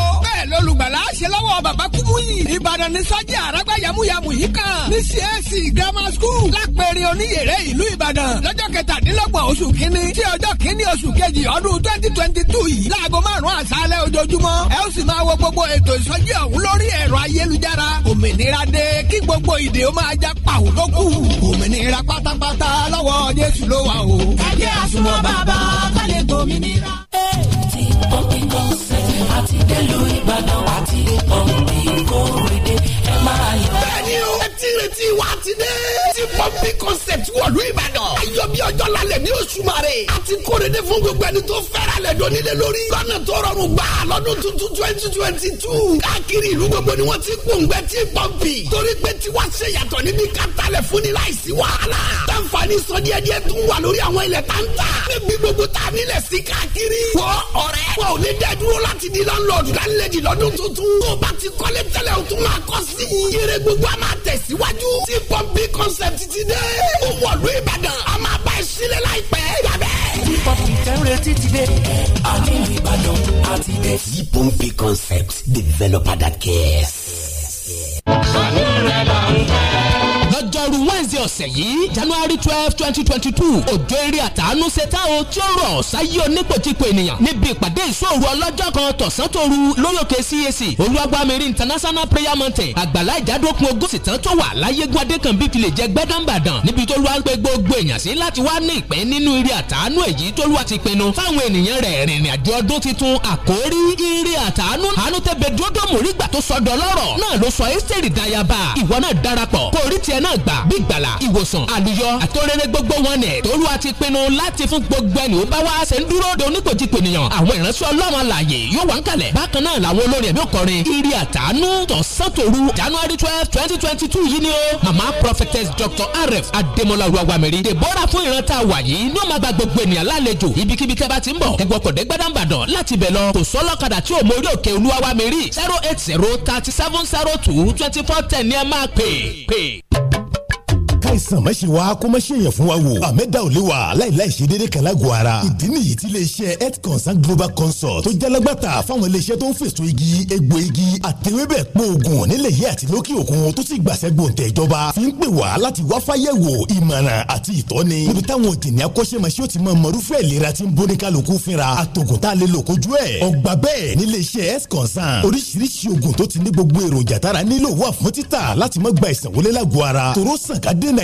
olùgbàlà ṣe lọ́wọ́ bàbá kúbú yìí ìbàdàn ní sájà àràgbà yamuyamu yìí kan ní csc grammar school lápẹ̀rẹ̀ oníyèrè ìlú ìbàdàn lọ́jọ́ kẹtàdínlọ́gbọ̀n oṣù kínní tí ọjọ́ kínní oṣù kejì ọdún twenty twenty two yìí láago márùn-ún àṣálẹ́ ojoojúmọ́ ẹ ó sì máa wo gbogbo ètò ìsọjí ọ̀hún lórí ẹ̀rọ ayélujára òmìnira dé kí gbogbo ìdè ó máa já pàwó lókù òmìnira pátápátá lọ́wọ́ jésù ló wà o. kájẹ́ àsùnwọ̀n bàbá kálẹ̀ gbòmìnira pumping consent àti délùú Ìbàdàn àti pumping kórèdè ẹ máa yọ. bẹ́ẹ̀ni o ìrètí wa ti dé. ti pọ́ńpì concept wọ̀lú ìbàdàn. ayọ̀ bí ọjọ́ lálẹ́ ní oṣù mare. a ti kóre dé fún gbogbo ẹni tó fẹ́ràn lẹ̀ dọ́nílé lórí. lọ́nà tó rọrùn gbà lọ́dún tuntun twenty twenty two. káàkiri ìlú gbogbo ni wọ́n ti gbòǹgbẹ́ ti pọ́ńpì. torí pé tiwa ṣe yàtọ̀ níbi kátàlẹ̀ fún ni láìsí wàhálà. tàǹfààní sọ díẹ̀ díẹ̀ tún wà lórí àwọn ilẹ̀ táǹtà. níbi gbogbo tá a nílẹ̀ sí káàkiri. wọ ọ̀rẹ́. wọn ò ní dẹ́ dúró láti di lọ́nlọ́ọ̀dù dánilẹ́jì lọ́dún tuntun. tó o bá ti kọ́lé tẹ́lẹ̀ tẹ̀síwájú tí pọ́ńpì concept ti dé. ó wọ̀lú ìbàdàn a máa bá ẹ sílẹ̀ láìpẹ́ yàbẹ́. tí pọ́ńpì tẹ́rẹ̀ ti ti dé. àní ìbàdàn a ti dé. tí pọ́ńpì concept developer that cares. àní rẹ̀ là ń bá ọ̀sẹ̀ yìí january twelve twenty twenty two òjò eré àtàánú ṣetá o tí ó rọ̀ sáyé onípòtìpò ènìyàn níbi ìpàdé ìṣòro ọlọ́jọ́ kan tọ̀sán tóru lóyòkè cac olúwagbàmírí international prayer mountain àgbàlá ìjádókun ogósì tán tó wà láyé gbadé kan bí tilẹ̀ jẹ́ gbẹ́dánbàdàn níbi tó lọ́wọ́ gbé gbogbo èèyàn sí láti wá ní ìpín nínú eré àtàánú èyí tó lọ́wọ́ ti pinnu fáwọn ènìyàn rẹ̀ rìnrìn àjò ọdún tuntun àkórí eré àtàánú àánú tẹ́bẹ̀ dúdú mùrígbà tó sọdọ̀ lọ́rọ̀ náà ló sọ ẹ́sítẹ́rì dayaba ìwọ náà darapọ̀ kórìtì ẹ náà gbà bí gbàlà ìlera ìwòsàn àlùyọ àtọrẹrẹ gbogbo wọn nẹ tòru àti pinnu láti fún gbogbo ẹni ó bá wá ṣe ń dúró de oníkojúpe nìyàn àwọn ìránṣẹ́ Ọlọ́run alààyè yóò wà ń kalẹ̀ bákan náà làwọn olórin ẹ̀mí òkọrin ìrì àtàánú tọ̀sán-tòru January twelve twenty twenty two yìí ni ó mama prophetess Dr. rf Adémọ́lá olúwàwámẹ́rì Deborah fún ìran tá a wà yìí ni ó máa gba gbogbo ènìyàn lálejò ibikíbi tẹ́ bá ti ń bọ̀ ẹgbẹ́ ọkọ̀dé gbẹ́dàgbàdàn láti bẹ̀ lọ kò sọ́lọ́kadà tí ò àìsàn má ṣe kó má yẹn fún wa wò àmẹ́dá ò lè wà láìláì ṣe déédéé kan lágọ̀ọ́ ara ìdí nìyí tí iléeṣẹ́ health consult global consult tó jalagbàtà fáwọn iléeṣẹ́ tó ń fèsò igi egbò igi àtẹwébẹ̀ pọ̀ oògùn nílẹ̀ yìí àti lókè òkun tó sì gbàṣẹ gbòǹtẹ̀ ìjọba fi ń pè wá láti wá fáyẹ̀wò ìmọ̀ràn àti ìtọ́ni níbi táwọn òjìní akọ́ṣẹ́mọṣẹ́ ò ti mọ mọ̀rúfẹ́ ìlera tí ń bóni kálukú fínra àtògùn tá a lè lò kojú ẹ̀ ọgbà bẹ́ẹ̀ nílé iṣẹ́ health consult oríṣiríṣi oògùn tó ti ní gbogbo èròjà tára nílò wà fún títà láti má gba ìsànwọlé lágọ̀ọ́ ara tòró ká dènà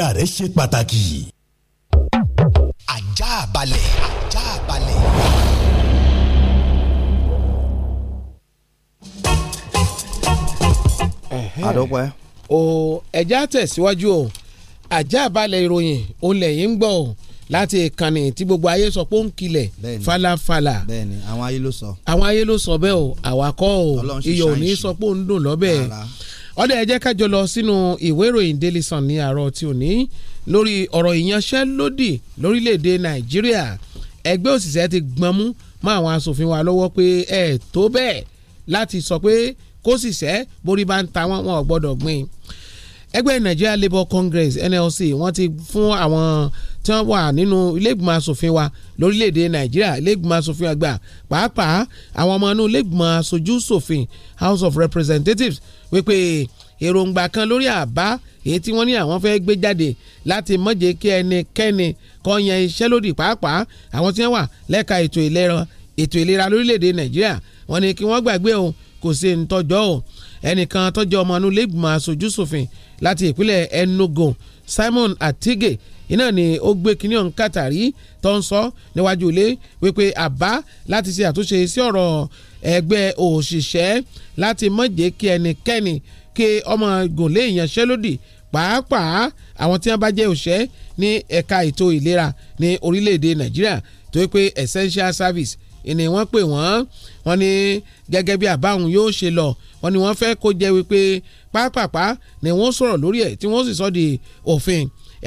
ìlera rẹ ṣe pàtàkì. ajá balẹ̀ ajá balẹ̀. àdópẹ́. o ẹja tẹ̀síwájú o ajá balẹ̀ ìròyìn olè yìí ń gbọ́ o láti ìkànnì tí gbogbo ayé sọ pé ó ń kilẹ̀ falafala. bẹ́ẹ̀ni àwọn ayé ló sọ. àwọn ayé ló sọ bẹ́ẹ̀ o àwa kọ́ o iyọ̀ ò ní sọ pé ó ń dùn lọ́bẹ̀ ọdẹ ẹ jẹ́ kájọ lọ sínú ìwé ìròyìn Daily Sun ní àárọ̀ tí ò ní lórí ọ̀rọ̀ ìyanṣẹ́lódì lórílẹ̀ Nàìjíríà ẹgbẹ́ òṣìṣẹ́ ti gbọ́n mú mọ́ àwọn asòfin wa lọ́wọ́ pé ẹ tó bẹ́ẹ̀ láti sọ pé kó sì borí bá ń ta wọn wọn ò gbọ́dọ̀ gbìn ẹgbẹ́ Nigeria Labour Congress NLC wọ́n ti fún àwọn tí wọ́n wà nínú ilégbìmọ̀ asòfin wa lórílẹ̀‐èdè Nàìjíríà ilégbìmọ̀ asòfin àgbà pàápàá àwọn ọmọ inú ilégbìmọ̀ aṣojú ṣòfin House of Representatives wípé èròǹgbà kan lórí àbá èyí tí wọ́n ní àwọn fẹ́ gbé jáde láti mọ̀jẹ̀ kí ẹnikẹ́ni kó yan iṣẹ́ lódì pàápàá àwọn tí wọ́n wà lẹ́ka ètò ìlera ètò ìlera lórílẹ̀‐èdè nàìjíríà wọ́n ní kí wọ́n gbàgbé òun kò sí ntọ́jọ́ o ẹnìkan tọ́jú ọmọ inú lẹ́gbìmọ̀ aṣojú ṣòfin láti ìpínlẹ̀ Enugu Simon Atige iná ni ó gbé kínní ọ̀hún kàtàrí tó ń sọ níwájú ilé wípé àbá láti ṣe àtúnṣe sí ọ̀rọ̀ ẹgbẹ́ òṣìṣẹ́ láti má jẹ́ kí ẹnikẹ́ni kí ọmọ gòlé ìyanṣẹ́lódì pàápàá àwọn tí wọ́n bá jẹ́ òṣìṣẹ́ ní ẹ̀ka ètò ìlera ní orílẹ̀-èdè Nàìjíríà tó yẹ pé essential service ni wọ́n pè wọ́n wọ́n ní gẹ́gẹ́ bí àbáhùn yóò ṣe lọ wọ́n ní wọ́n fẹ́ kó jẹ́ wípé pápápá ni wọ́n sọ̀rọ̀ lórí ẹ̀ tí wọ́n sì sọ di òfin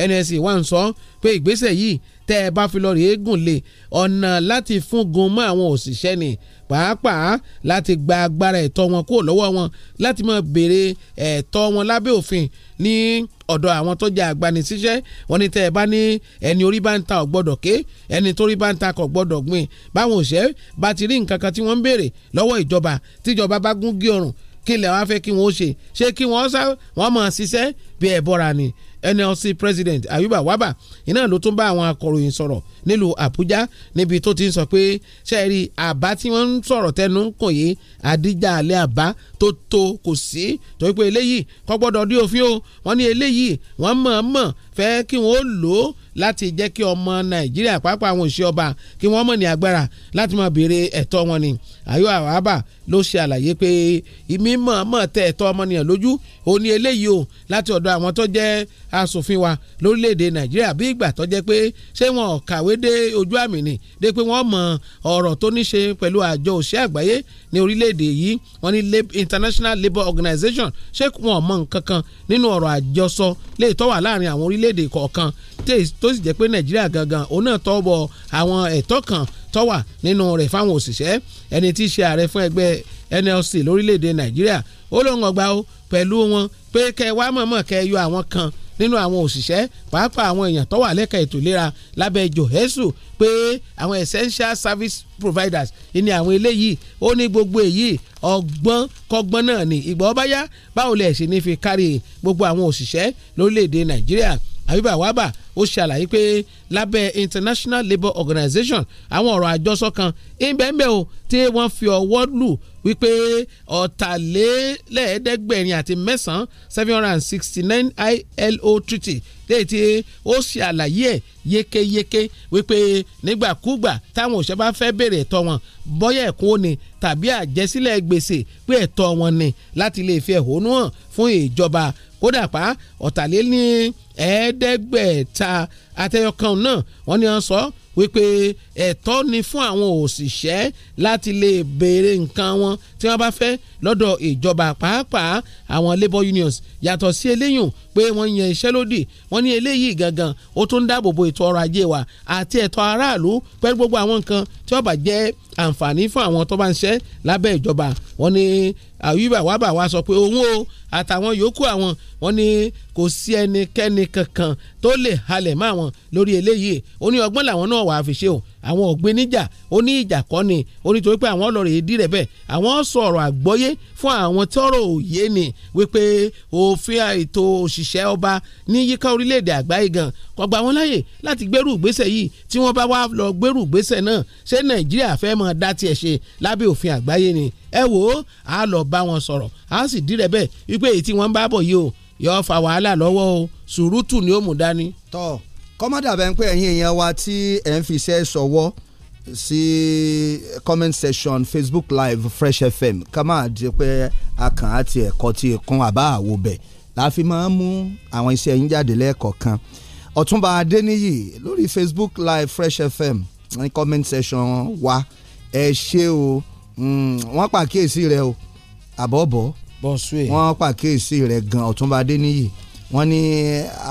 NSC wà ń sọ pé ìgbésẹ̀ yìí tẹ́ ẹ bá fi lọ rèé gùn lé ọ̀nà láti fún gun mọ́ àwọn òṣìṣẹ́ ni pàápàá láti gba agbára ẹ̀tọ́ wọn kúrò lọ́wọ́ wọn láti máa béèrè ẹ̀tọ́ wọn lábẹ́ òfin ní ọ̀dọ̀ àwọn tó jẹ́ agbanisíṣẹ́ wọn ní tẹ́ ẹ bá ní ẹni orí bá ń ta ò gbọ́dọ̀ ké ẹni torí bá ń ta kò gbọ́dọ̀ gbìn báwọn òṣẹ́ bá ti rí nǹkan kan tí wọ́n ń béèrè lọ́wọ́ ìjọba tíjọba bá gún gí ọrùn kí lè wá fẹ́ kí wọ́n ṣe ṣé kí wọ́n sá wọ́n ṣiṣẹ́ bí ẹ̀ bọ́ra ni NLC president Ayuba Waba iná ló tún bá àwọn akọ̀ròyìn sọ̀rọ̀ nílùú Àbújá níbi tó ti ń sọ pé sẹ́ẹ̀rì àbá tí wọ́n ń sọ̀rọ̀ tẹnu ń kàn yìí àdíjà àlẹ́ àbá tó tó kò sí torí pé eléyìí kò gbọ́dọ̀ dí òfin o wọ́n ní eléyìí wọ́n mọ̀ ọ́n mọ̀ fẹ́ kí wọ́n lò ó láti jẹ́ kí ọmọ nàìjíríà pàápàá àwọn òṣìṣẹ́ ọba kí wọ́n mọ̀ ní agbára láti máa béèrè ẹ̀tọ́ wọn ni ayọ̀ àwábà ló ṣe àlàyé pé mímọ̀ mọ̀ tẹ ẹ̀tọ́ ọmọnìyàn lójú ó ní eléyìí o láti ọ̀dọ̀ àwọn tó jẹ́ asòfin wa lórílẹ̀‐èdè nàìjíríà bí ìgbà tó jẹ́ pé ṣé wọn kàwé dé ojú àmì ni dé pé wọ́n mọ ọ̀rọ̀ tó ní ṣe pẹ̀lú àjọ òṣìṣẹ́ àgbáyé ní orílẹ̀‐èdè yìí wọ́n ní international labour organization ṣé wọn ò mọ nǹkan kan nínú ọ̀rọ̀ àjọsọ lè tó láàrin àwọn orílẹ̀ orílẹ̀-èdè kọ̀ọ̀kan tó sì jẹ́ pé nàìjíríà gangan òun náà tọ́ bọ àwọn ẹ̀tọ́ kan tó wà nínú rẹ̀ fáwọn òṣìṣẹ́ ẹni tí í ṣe ààrẹ fún ẹgbẹ́ NLC lórílẹ̀-èdè nàìjíríà ó lóun ọgbà ó pẹ̀lú wọn pé kẹ wá mọ̀mọ́ kẹ yọ àwọn kan nínú àwọn òṣìṣẹ́ pàápàá àwọn èèyàn tó wà lẹ́ka ètò ìlera lábẹ́ johesu pé àwọn essential service providers ni àwọn eléyìí ó ní gbogbo èyí ọgbọ́n kọ́gbọ́n náà ní ìgbà ọbáyá báwo lẹ̀ ṣe ní fi kárí gbogbo àwọn òṣìṣẹ́ lórílẹ̀‐èdè nàìjíríà Ayuba Waba ó ṣàlàyé pé lábẹ́ International Labour Organization àwọn ọ̀rọ̀ àjọsọ kan ìbẹ́ẹ̀mẹ́ o tí wọ́n fi ọwọ́ lù wípé ọ̀tàlélẹ́ẹ̀ẹ́dẹ́gbẹ̀rin àti mẹ́sàn-án seven hundred and sixty nine ILO treaty léyìí tí ó ṣe àlàyé ẹ̀ yékéyéké wípé nígbàkúgbà táwọn òṣèlú bá fẹ́ béèrè ẹ̀tọ́ wọn bóyá ẹ̀kún ni tàbí àjẹsílẹ̀ gbèsè pé ẹ̀tọ́ wọn ni láti lè fi ẹ̀hónú hàn fún ìjọba kódà pa ọ̀tàléní ẹ̀ẹ́dẹ́gbẹ̀ta àtẹyọkan náà wọ́n ní wọ́n sọ wípé ẹ̀tọ́ ni fún àwọn òṣìṣẹ́ láti lè béèrè nǹkan wọn tí wọ́n bá fẹ́ lọ́dọ̀ ìjọba pàápàá àwọn labour unions yàtọ̀ sí eléyìí pé wọ́n yan iṣẹ́ lódì wọ́n ní eléyìí gangan ó tún ń dáàbòbò ètò ọrọ̀ ajé wa àti ẹ̀tọ́ aráàlú pẹ̀lú gbogbo àwọn nǹkan tí wọ́n bá jẹ́ àǹfààní fún àwọn tó bá ń ṣẹ́ lábẹ́ ìjọba wọ́n ní àyùbá wàbà wa sọ pé òun o àtàwọn yòókù àwọn wọ́n ní kò sí ẹnikẹ́ni kankan tó lè halẹ̀ mọ́ àwọn lórí eléyìí ó ní ọgbọ́n làwọn náà wà á fi ṣe o àwọn ọ̀gbìn níjà ó ní ìjà kọ́ ni ó ní torí pé àwọn ọlọ́rọ̀ èdè rẹ̀ bẹ́ẹ̀ àwọn sọ ọ̀rọ̀ àgbọ́yé fún àwọn tọ́rọ̀ òye ni wípé òfin ètò òṣìṣẹ́ ọba ní yíká orílẹ̀-èdè àgbáyé gan kò gbà wọ́n láyè láti gbẹ́rù ìgbésẹ̀ yìí tí wọ́n bá wá lọ gbẹ́rù ìgbésẹ̀ náà ṣé nàìjíríà fẹ́ mọ dá tiẹ̀ ṣe lábẹ́ òfin àgbáyé ni ẹ wò ó a lọ bá wọn sọ̀rọ̀ a sì dí rẹ̀ bẹ́ẹ̀ wípé èyí tí wọ́n ń bá bọ̀ yìí o yóò fa wàhálà lọ́wọ́ o sùúrùtù ni ó mú dání. tọ́ kọ́mọ́dà bẹ́ẹ̀ ń pè ẹ̀yin èèyàn wa tí ẹ̀ ń fi iṣẹ́ sọ̀wọ́ sí comment section Facebook live Fresh FM ká máa di pé a kàn á ti ẹ̀kọ́ ti kún àbá àwo bẹ̀ la fi máa ń mú àwọn iṣẹ́ yín jáde lẹ́ẹ̀kọ̀kan Ọ̀túnba Adéníyì lórí Facebook live Fresh FM ní comment section wa ẹ ṣé o hmm, wọ́n pàkíyèsí rẹ o àbọ̀bọ̀ bọ́nsúwe. wọ́n pàkíyèsí rẹ̀ gan ọ̀túnba adéníyì wọ́n ní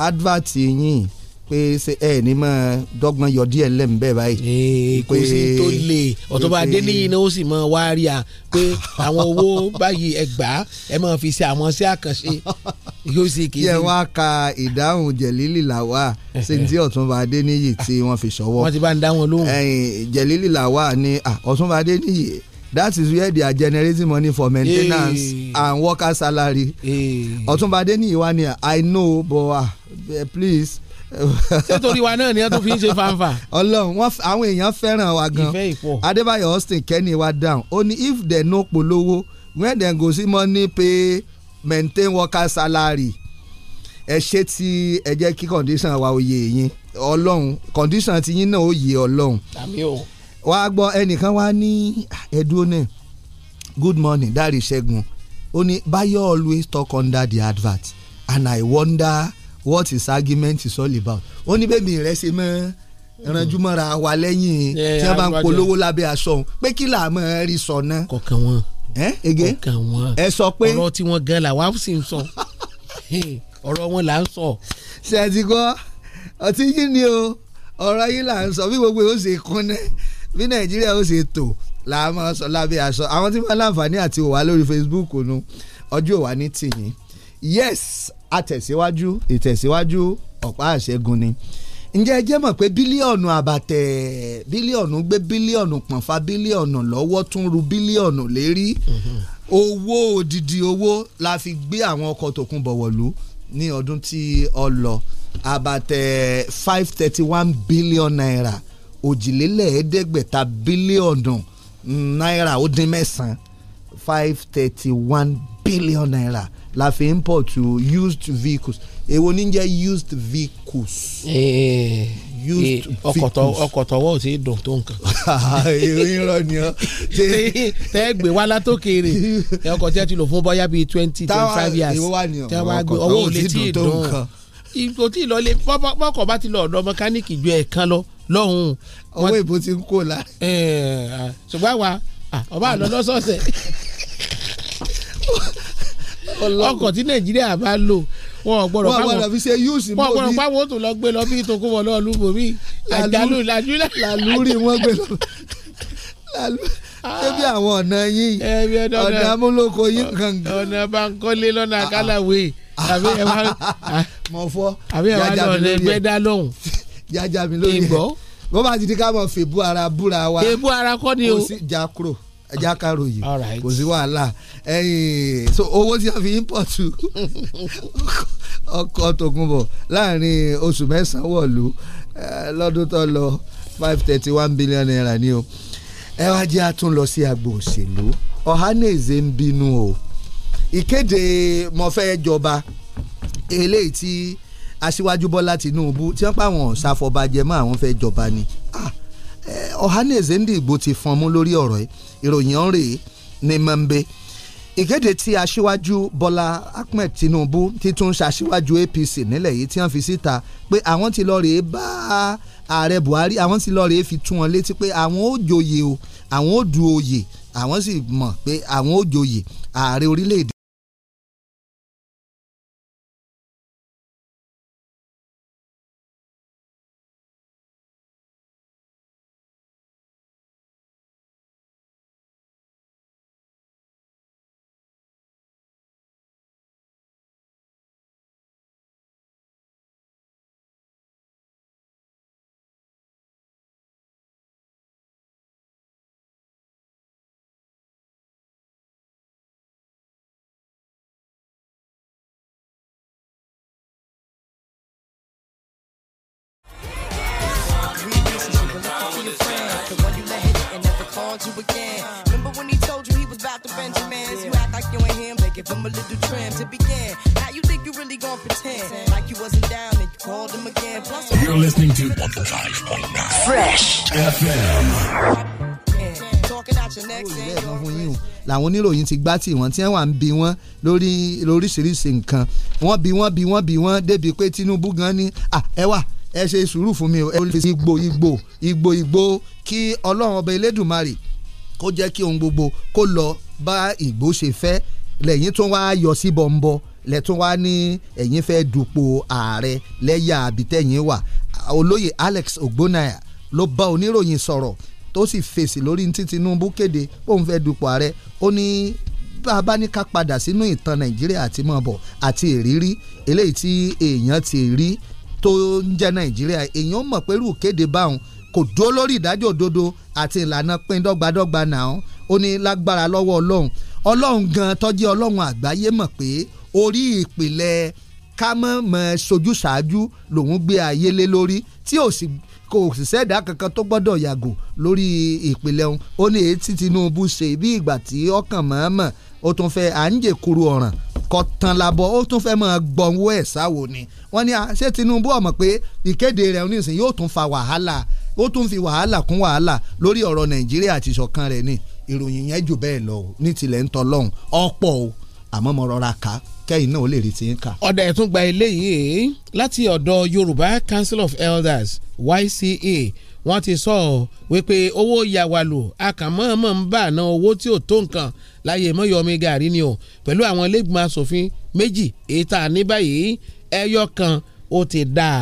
advert yín pé ẹ ní mọ dọ́gbọ́n yọ díẹ̀ lẹ́m̀bẹ́ báyìí. kò sí tó lè ọ̀túnba adéníyì ni ó sì mọ wá rí a pé àwọn owó báyìí ẹgbà ẹ máa fi ṣe àwọn sí àkànṣe yóò sì kí. yẹ wá ka ìdáhùn jẹ̀lílì làwà sí ti ọ̀túnba adéníyì tí wọ́n fi ṣọwọ́. wọ́n ti bá ń dá lóhùn. jẹ̀lílì làwà ni ọ̀túnba adéníyì that is where they are generating money for maintenance hey. and worker salary. Ọ̀túnba Adéníyì wá ní I know but uh, please ṣé torí wa náà ni wọn tún fi ń ṣe fanfa. Ọlọ́run wọn àwọn èèyàn fẹ́ràn wa gan Adébáyọ̀ Austin kẹni wa down ó ní if dem no polówó when dem go see money pay maintain worker salary ẹ ṣe ti ẹ jẹ́ kí condition wa ó yé yín Ọlọ́run condition ti yín náà ó yé Ọlọ́run. àmì o wà á gbọ́ ẹnìkan wá ní ẹ̀dúró good morning dáre ṣẹ́gun ó ní Bayo always talk under the advert and I wonder what his argument is all about ó ní bẹ́ẹ̀ mi rẹ̀ ṣe mọ́ ranjú mọ́ra wa lẹ́yìn tí wọ́n bá ń polówó lábẹ́ aṣọ òun pé kí làá mọ̀ ẹ́ rí sọ náà. kọ̀ọ̀kan wọn kọ̀ọ̀kan wọn ẹ sọ pé ọ̀rọ̀ tí wọ́n gan la wàá sì ń sọ ọ̀rọ̀ wọn là ń sọ. ṣe ti gbọ́ ọtí yìí ni o ọ̀rọ̀ yìí là ń sọ bí gbogbo yóò ṣe kún náà bí nàìjíríà ó ṣe tò làwọn sọ lábẹ́ aṣọ àwọn tí wọ́n láǹfààní àti òwà lórí facebook nu ọjọ́ òwà ní tìyín yes àtẹ̀síwájú ìtẹ̀síwájú ọ̀pá àṣẹgun ni ǹjẹ́ ẹ jẹ́ mọ̀ pé bílíọ̀nù àbàtẹ̀ bílíọ̀nù gbé bílíọ̀nù pọ̀nfà bílíọ̀nù lọ́wọ́ tún ru bílíọ̀nù lérí owó odidi owó la fi gbé àwọn ọkọ̀ tòkun bọ̀wọ̀lú ní ọdún tí ó lọ àbàtẹ̀ five thirty one billion naira òjìlélẹ́ẹ̀ẹ́dẹ́gbẹ̀ta bílíọ̀nù náírà ó dín mẹ́sàn-án five thirty one billion naira la fi import to used vehicles èwo ní jẹ́ used vehicles. Eh, eh, eh ọkọ̀ tọwọ́ ò sí dùn tó nǹkan. irọ́ ni ọ. tẹ́ gbé wá látòkèrè ọkọ̀ tí a ti lò fún bọ́yá bíi twenty twenty five years tẹ́ wá gbé ọwọ́ ò lè tí ì dùn. ìgò tí ì lọ lé bọ́kọ̀ bá ti lọ ọ̀dọ̀ mẹkáníìkì ju ẹ̀ẹ̀kan lọ lọ́hùn. owó ìbò ti ń kó la. ṣùgbọ́n àwa ọba àlọ́ lọ́sọ̀ọ̀sẹ̀ ọkọ̀ tí nàìjíríà bá lò wọn ò gbọ́dọ̀ pàwọn wọn gbọ́dọ̀ fi ṣe yúùsì mọ mi wọn gbọ́dọ̀ pàwọn tó lọ gbé lọ bí tó kó wọn lọ lùbò mi àjálù làjú làlúrì wọn gbé lọ ah. ṣebí àwọn ọ̀nà yín ọ̀nà amúlòkọ yín kankan. ọ̀nà bankole lọ́nà akálàwé ah, ah, àbí ẹ̀ wá lọ́nà ẹgbẹ́ dá lóhùn jájá mi lórí ẹ̀ bó bá ti di ká mọ̀ fèbú ara búra wa fèbú ara kọ́ ni o kò sí jakro jákàrò yìí kò sí wàhálà so owó tí a fi import ọkọ̀ tòkunbọ̀ láàrin oṣù mẹ́sàn-án wọ̀lú lọ́dún tó lọ five thirty one billion naira ni o ẹ wá jẹ́ àtún lọ sí agbo òṣèlú Ohanaeze ń bínú o ìkéde mọ̀fẹ́ jọba eléyìí tí aṣíwájú bọ́lá tinubu tí wọ́n pa àwọn ṣàfọ̀bàjẹ́ mọ́ àwọn fẹ́ jọba ni ọ̀hánẹ̀zẹ̀ ah, ndìgbò ti fọn mú lórí ọ̀rọ̀ yìí ìròyìn ọ̀rẹ́ ní mọ́ńbé ìkéde tí aṣíwájú bọ́lá ahmed tinubu ti tún ṣaṣíwájú apc nílẹ̀ yìí tí wọ́n fi síta pé àwọn ti lọ rèé bá ààrẹ buhari àwọn ti lọ rèé fi tún wọn létí pé àwọn ò joyè o àwọn ò du oyè àwọn sì mọ̀ pé àwọn ò joyè ààrẹ orílẹ̀-èdè I'm a little trammed. It began. Now you think you really gonna pretend like you wasn't down and you called him again. Plus, you're listening to 105.9 Fresh FM. Oh, làwọn oníròyìn ti gbá tí wọ́n tí wọ́n wà ń lórí lóríṣiríṣi nǹkan wọ́n bi wọ́n bi wọ́n bi wọ́n débi pé Tinubu gan ni ẹ wà ẹ ṣe sùúrù fún mi o ẹ fi igbó igbó igbó igbó kí Ọlọ́run ọba Elédùmarè kó jẹ́ kí ohun gbogbo kó lọ bá ìgbó ṣe fẹ́ lẹ́yìn tún wá yọ sí bọ̀m̀bọ̀ lẹ́tún wá ní ẹ̀yin fẹ́ dupò ààrẹ lẹ́yà àbítẹ́yìn wà olóyè Alex Ogbonaya ló bá oníròyìn sọ̀rọ̀ tó sì fèsì lórí tí Tinubu kéde bóun fẹ́ dupò ààrẹ ó ní bá a bá ní ká padà sínú ìtàn Nàìjíríà àti mọ̀bọ̀ àti ìrírí eléyìí tí èèyàn ti rí tó ń jẹ́ Nàìjíríà èèyàn mọ̀ pé rú kéde báwọn kò dúró lórí ìdájọ́ òdodo àti ìlànà pín dọ́gbadọ́gba náà ó ní lágbára lọ́wọ́ Ọlọ́run ọlọ́run gan tó jẹ́ ọlọ́run àgbáyé mọ̀ pé orí ìpìlẹ̀ kámọ́mọ́ sojúṣàájú lòun gbé ayé lé lórí tí ò sì kò sì sẹ́dá kankan tó gbọ́dọ̀ yàgò lórí ìpìlẹ̀ òun ó ní etí Tinubu ṣe bí ìgbà tí ọkàn mọ̀ọ́mọ̀ ó tún fẹ́ à ń jèkuru ọ̀ràn kọ̀tàn làbọ̀ ó tún fẹ́ máa gbọ̀nwó ẹ̀ sáwo ni wọ́n ní ṣé Tinubu ó mọ̀ pé ìkéde rẹ̀ nísìnyí yóò tún fa wàhálà ó tún fi wàhálà kún wàhálà lórí ọ̀rọ̀ Nàìjíríà àti ìṣọ̀kan rẹ̀ ni ìròyìn yẹn jù bẹ́ẹ̀ lọ ní tilẹ̀ ń tọ́lọ́hún ọ̀pọ̀ o àmọ́ mo rọra kà kẹ́yìn náà ó lè rí ń kà. ọ̀dà ẹ̀tún gba eléyìí láti ọ̀dọ̀ Yorùbá Council of Elders YCA wọ́n ti sọ ọ́ wípé owó yàwálò akàmọ́ọ́mọ́ ń bà ná owó tí ò tó nǹkan láyé mọ́yọ́mí gàrí ni o pẹ̀lú àwọn ilégbìmọ̀ asòfin méjì èyí tá a ní báyìí ẹyọ kan ó ti dáa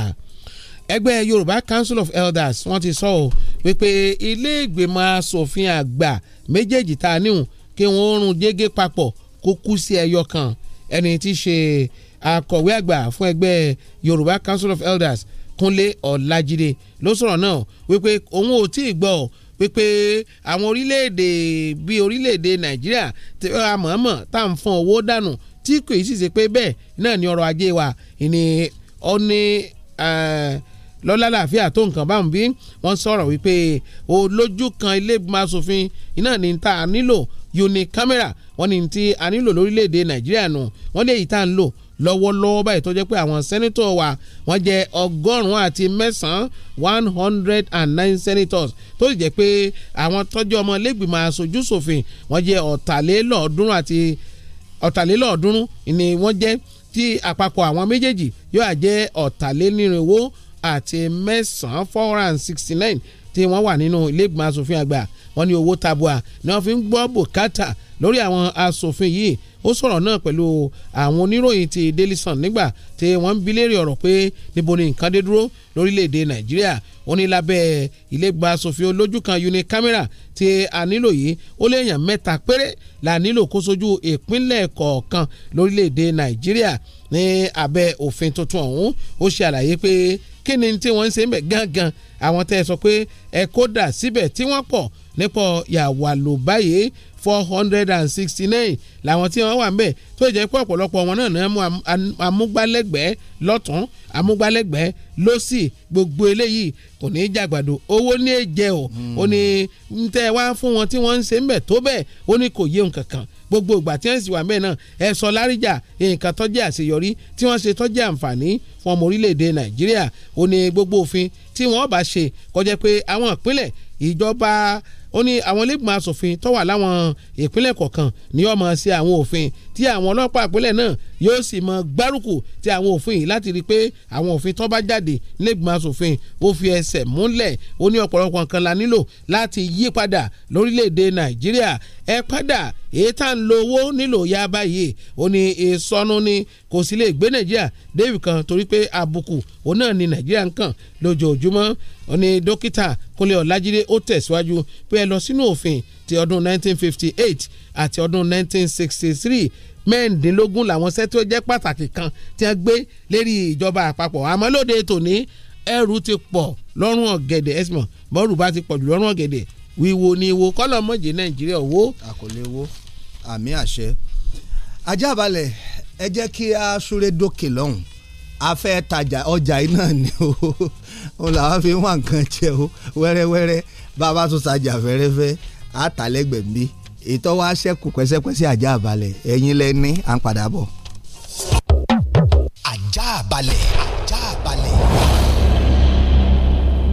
ẹgbẹ́ Yorùbá Council of Elders wọ́n ti sọ ọ́ wípé ilé ìgbìmọ̀ asòfin àgbà méjèèjì tá a níhùn kí wọ́n rún jẹ́gẹ́ papọ̀ kó kú sí ẹyọ kan ẹni tí í ṣe akọ̀wé àgbà fún ẹgbẹ́ Yorùbá Council of Elders Kúnlé Ọ̀làjídé ló sọ̀rọ̀ náà wípé òun ò tí ì gbọ́ wípé àwọn orílẹ̀-èdè bíi orílẹ̀-èdè Nàìjíríà tí wọ́n á mọ̀ọ́mọ̀ tá à ń fọn owó dànù tí kò sì ṣe pé bẹ́ẹ̀ náà ni ọrọ̀ ajé wa ni ọ ní lọ́lá làáfíà tó nǹkan bá ń bí wọ́n sọ̀rọ̀ wípé olójú kan ilégbìmọ̀ asòfin iná ní ta nílò unicamera wọ́n ní ti a nílò lórílẹ̀‐èdè nàìjíríà nù wọ́n lè yí tá à ń lò lọ́wọ́lọ́wọ́ báyìí tó jẹ́ pé àwọn sẹ́nitọ̀ wa wọ́n jẹ́ ọgọ́rùn-ún àti mẹ́sàn-án one hundred and nine senators tó sì jẹ́ pé àwọn tọ́jú ọmọ lẹ́gbìmọ̀ aṣojúṣòfin wọ́n jẹ́ ọ̀tàlélọ́ọ̀ọ́dúnrún àti ọ̀tàlélọ́ọ̀ọ́dúnrún ni wọ́n jẹ́ tí àpapọ̀ àwọn méjèèjì yóò jẹ́ ọ̀tàlénírínwó àti mẹ́sàn-án four hundred and sixty nine tí wọ́n wà nínú iléègbìmọ̀ asòfin àgbà wọ́n ní owó tabua ni wọ́n fi ń gbọ́ bùkátà lórí àwọn asòfin yìí ó sọ̀rọ̀ náà pẹ̀lú àwọn oníròyìn ti Daily Sun nígbà tí wọ́n ń bi léèrè ọ̀rọ̀ pé níbo ni nǹkan dé dúró lórílẹ̀‐èdè Nàìjíríà ó ní lábẹ́ ilégbà asòfin olójú kan unikámẹ́rà tí a nílò yìí ó léèyàn mẹ́ta péré la nílò kó sojú ìpínlẹ̀ kọ̀ọ̀kan lórílẹ̀‐èdè Nàìjíríà ní abẹ́ òfin tuntun ọ̀hún ó ṣe àlàyé pé kí ni tí wọ́n ń ṣe ń bẹ̀ gángan àwọn tẹ́ ẹ sọ pé ẹ kódà síbẹ̀ tí wọ́n pọ̀ nípò yàwálò báyìí four hundred and sixty nine làwọn tí wọ́n wà ń bẹ̀ tó jẹ́ pé ọ̀pọ̀lọpọ̀ wọn náà ní amúgbálẹ́gbẹ̀ẹ́ lọ́tún amúgbálẹ́gbẹ̀ẹ́ lọ́sì gbogbo eléyìí kò ní í jàgbàdo owó ní èjẹ o hmm. ó ní tẹ́ wá fún wọn tí wọ́n ń ṣe ń bẹ̀ tó bẹ́ẹ̀ ó ní kò yéun kankan gbogbo ìgbà tí wọ́n sì wà mẹ́ẹ̀ náà ẹ sọ láríjà nǹkan tó jẹ́ àṣeyọrí tí wọ́n ṣe tó jẹ́ àǹfààní fún ọmọ orílẹ̀-èdè nàìjíríà ó ní gbogbo òfin tí wọ́n bá ṣe kó jẹ́ pé àwọn ìpínlẹ̀ ìjọba ó ní àwọn ilégbìmọ̀ asòfin tó wà láwọn ìpínlẹ̀ kọ̀ọ̀kan ní ó máa ṣe àwọn òfin tí àwọn ọlọ́pàá ìpínlẹ̀ náà yóò sì mọ gbárùkù ti àwọn òfin yìí láti rí i pé àwọn òfin tó bá jáde nílẹ̀gbìmọ̀ asòfin ó fi ẹsẹ̀ múlẹ̀ ó ní ọ̀pọ̀lọpọ̀ nǹkan la nílò láti yí padà lórílẹ̀‐èdè nàìjíríà ẹ padà èyí tá à ń lo owó nílò ya báyìí ó ní ìsọnù ni kò sì lè gbé nàìjíríà débì kan torí pé àbùkù òun náà ni nàìjíríà ń kàn lójoojúmọ́ ó ní dókítà kúnlé ọ̀làjídé ó tẹ̀síwájú pé ẹ lọ sínú òfin ti ọdún 1958 àti ọdún 1963 mẹ́ẹ̀ẹ́dínlógún làwọn sẹ́tí ó jẹ́ pàtàkì kan tí wọ́n gbé lérí ìjọba àpapọ̀ àmọ́ lóde tòní ẹrù ti pọ̀ lọ́rùn ọ̀gẹ̀dẹ̀ ẹ̀sìn mọ́ bọ́ọ̀rù bá ti pọ̀ jù lọ́rùn ọ̀gẹ̀dẹ̀ wíwo ni wo kọ́lọ́mọ̀jì nàìjíríà wo. àkọlé wo àmì àṣẹ ajá ẹ jẹ́ kí a súré dókè lọ́hùn a fẹ́ tajà ọjà iná ni o òun làwọn fi wá nǹkan jẹ o wẹ́rẹ́wẹ́rẹ́ bàbá tún tajà fẹ́rẹ́fẹ́ àtàlẹ́gbẹ̀ẹ́ bí ìtọ́ wa ṣẹ́kù pẹ́sẹ́pẹ́sẹ́ ajá balẹ̀ ẹ̀yin lẹ́ni à ń padà bọ̀. ajá balẹ̀ ajá balẹ̀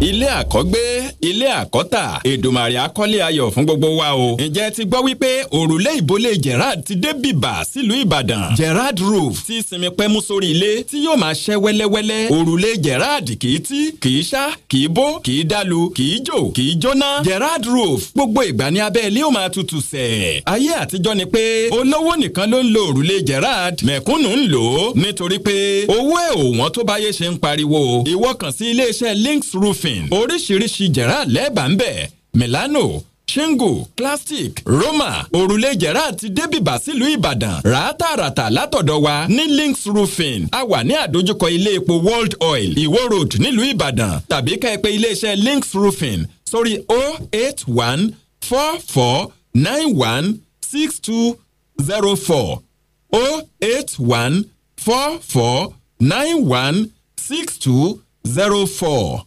ilé àkọ́gbé ilé àkọ́tà Èdùmàrè akọ́lé ayọ̀ fún gbogbo wa o. ǹjẹ́ ti gbọ́ wípé òrùlé ìbólé Gerard ti dé bìbà sílùú Ìbàdàn Gerard roof ti sinmi pẹ́mú sórí ilé tí yóò máa ṣẹ́ wẹ́lẹ́wẹ́lẹ́ òrùlé Gerard kì í tí kì í ṣá kì bó kì dalu kì jò kì jóná Gerard roof gbogbo ìgbà ní abẹ́ ilé ó máa tutù sẹ̀. ayé àtijọ́ ni pé olówó nìkan ló ń lo òrùlé Gerard mẹ̀kúnnù ń lò ó nítorí pé owó ẹ̀ òwọ́n Links roofing roofing oríṣiríṣi jẹ̀rá lẹ́ẹ̀bà ń bẹ̀ milano shingle plastic roma òrùlé jẹ̀rá àti débìbà sílùú ìbàdàn ràátàràtà látọ̀dọ̀ wa ní links roofing a wà ní àdójúkọ ilé epo world oil iwo road nílùú ìbàdàn tàbí ká ẹ pè iléeṣẹ́ links roofing sórí oh four four nine one six two zero four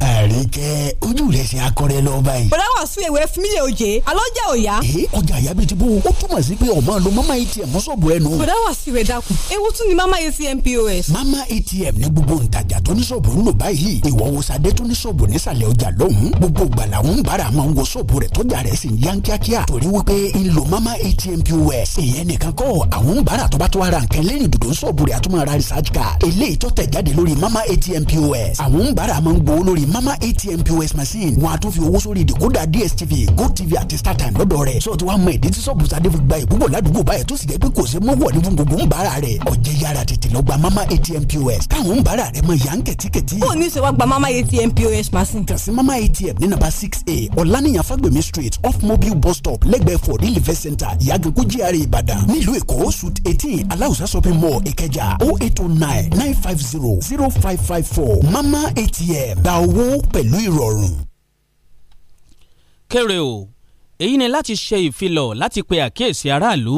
àríkẹ́ ojú rẹ̀ ṣe akọrẹ lọ báyìí. bọ̀dá wà sún ewé fún mi lè oje alọ́ jẹ́ òya. ee ọjà àyà bíi ti bó o túmọ̀ sí pé ọmọ lo mama atm mọ́sọ̀bù ẹnu. bọ̀dá wà sí ìwé dàkún ewu tún ni mama atm pos. mama atm ní gbogbo ntajà tó ní sọ̀bù ń lò báyìí ìwọ wo sadé tó ní sọ̀bù nísàlẹ̀ ọjà lọ́hùn gbogbo gbala ń bára máa ń wo sọ̀bù rẹ̀ tọ́jà rẹ̀ sì ń yan kíákíá torí mama atm pos èèyàn nìkan kọ́ àwọn ń bára tó bá tó ara nǹkan lẹ́yìn dòdò sọ̀bù rẹ̀ àtúmọ̀ mama atm pos àwọn ń bára mama atm pos machine wọn a tún fi owó sórí ìdìkúdà dstv gotv àti startime lọ́dọ̀ rẹ̀ sọ ti wá mọ ìdí tí sọ́ọ̀bù sadé fi gba ìbúbọ̀ ládùúgbò báyìí tó sì jẹ́ pé kò sí mọ́wọ́ ní gbogbo ń bára rẹ̀ ọ̀jẹ̀ yára tètè lọ gba mama atm pos táwọn ń bára rẹ̀ mọ ìyá ń kẹ̀tíkẹ̀tí. ó ní sọ wá gba mama atm pos machine. kàn sí mama atm ní nàbà six a ọ̀lànìyàn fagbemi street off mobile bus stop lẹ́gbẹ̀ẹ́ for real event center ìyàgànkú gr ìbàdàn nílùú èkó suit eighteen aláùsá shopping mall ìkẹjà Oh eight oh nine nine five zero zero five five four mama atm gba owó owó pẹ̀lú ìrọ̀rùn. kéré o èyí ni láti ṣe ìfilọ̀ láti pe àkíyèsí aráàlú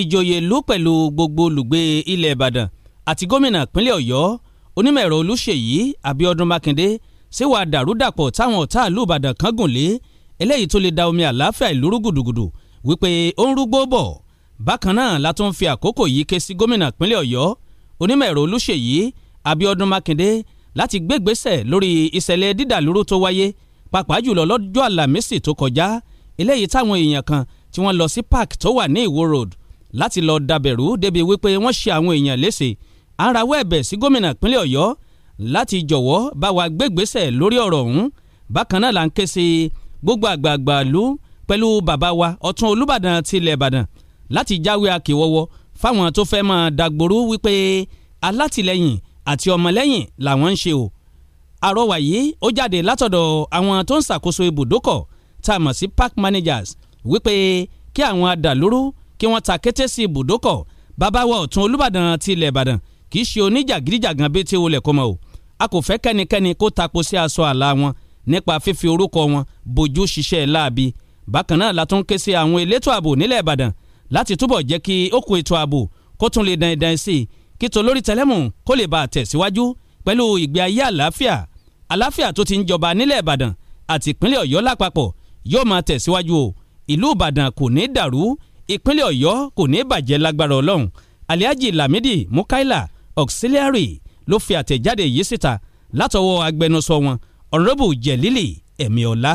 ìjòyè ìlú pẹ̀lú gbogbo olùgbé ilẹ̀ ìbàdàn àti gómìnà ìpínlẹ̀ ọ̀yọ́ onímọ̀ ẹ̀rọ olúṣèyí abíọ́dún mákindé síwá dàrúdàpọ̀ táwọn ọ̀tá ìlú ìbàdàn kan gùn lé eléyìí tó lè da omi àlàáfíà ìlú rú gùdùgùdù wípé ó ń rúgbó bọ̀ bákan náà la tún fi àkókò yìí ké sí gómìnà ìpínlẹ̀ ọ̀yọ́ onímọ̀ ẹ̀rọ olúṣèyí abíọ́dún mákindé láti gbégbésẹ̀ lórí ìṣẹ̀lẹ̀ dídàlúrú tó wáyé pàápàá jùlọ lọ́jọ́ àlàmísì tó kọjá eléyìí táwọn èèyàn kan tí wọ́n lọ sí park tó wà ní Ìwó Road láti lọ dàbẹ̀rú débi wípé wọ́n ṣe àwọn èèyàn léṣe à ń rawọ́ ẹ̀bẹ̀ sí gómìnà ìpínlẹ̀ Ọ̀yọ́ láti jọ̀wọ́ bá wa gbégbésẹ̀ lórí ọ̀rọ̀ ọ̀hún bákan náà là ń ké sí gbogbo àgbààgbà ìlú pẹ̀lú bàbá wa Ọ̀tún Olúbàdàn tilẹ̀ Ìbàdàn láti jáwé akíwọ́wọ́ fáwọn tó fẹ́ máa dàgbòrú wípé alátìlẹyìn àti ọmọlẹ́yìn làwọn ń ṣe o àrọwà yìí ó jáde látọ̀dọ̀ àwọn tó ń ṣàkóso ibùdókọ̀ tá a mọ̀ sí park managers wípé kí àwọn adàlúrú kí wọ́n ta kété sí ibùdókọ̀ bàbá wa ọ̀tún olùbàdàn ti ilẹ̀ ìbàdàn kì í ṣe oníjàgídíjàgan bíi ti olè kọmọ o a kò fẹ́ kẹ́nikẹ́ni kó tapo sí aṣọ àlà wọn nípa fífi orúkọ wọn bójú ṣiṣẹ́ láabi bákan náà la tún ké sí àwọn elétò ààbò nílẹ̀ ìbàdàn láti túbọ̀ jẹ́ kí ó kú ètò ààbò kó tún lè dan ìdan sí i kí tolórí tẹlẹ́mù kó lè bá a tẹ̀síwájú pẹ̀lú ìgbé ayé àlàáfíà àlàáfíà tó ti ń jọba nílẹ̀ ìbàdàn àti ìpínlẹ̀ ọ̀yọ́ lápapọ̀ yóò máa tẹ̀síwájú o ìlú ìbàdàn kò ní dàrú ìpínlẹ̀ ọ̀yọ́ kò ní bàjẹ́ lágbára ọlọ́run aliaji lamidi mukaila auxiliary ló fi àtẹ̀jáde yìí síta látọwọ́ agbẹnusọ wọn ọ̀rọ̀bù jẹ̀lílì ẹ̀mí ọ̀la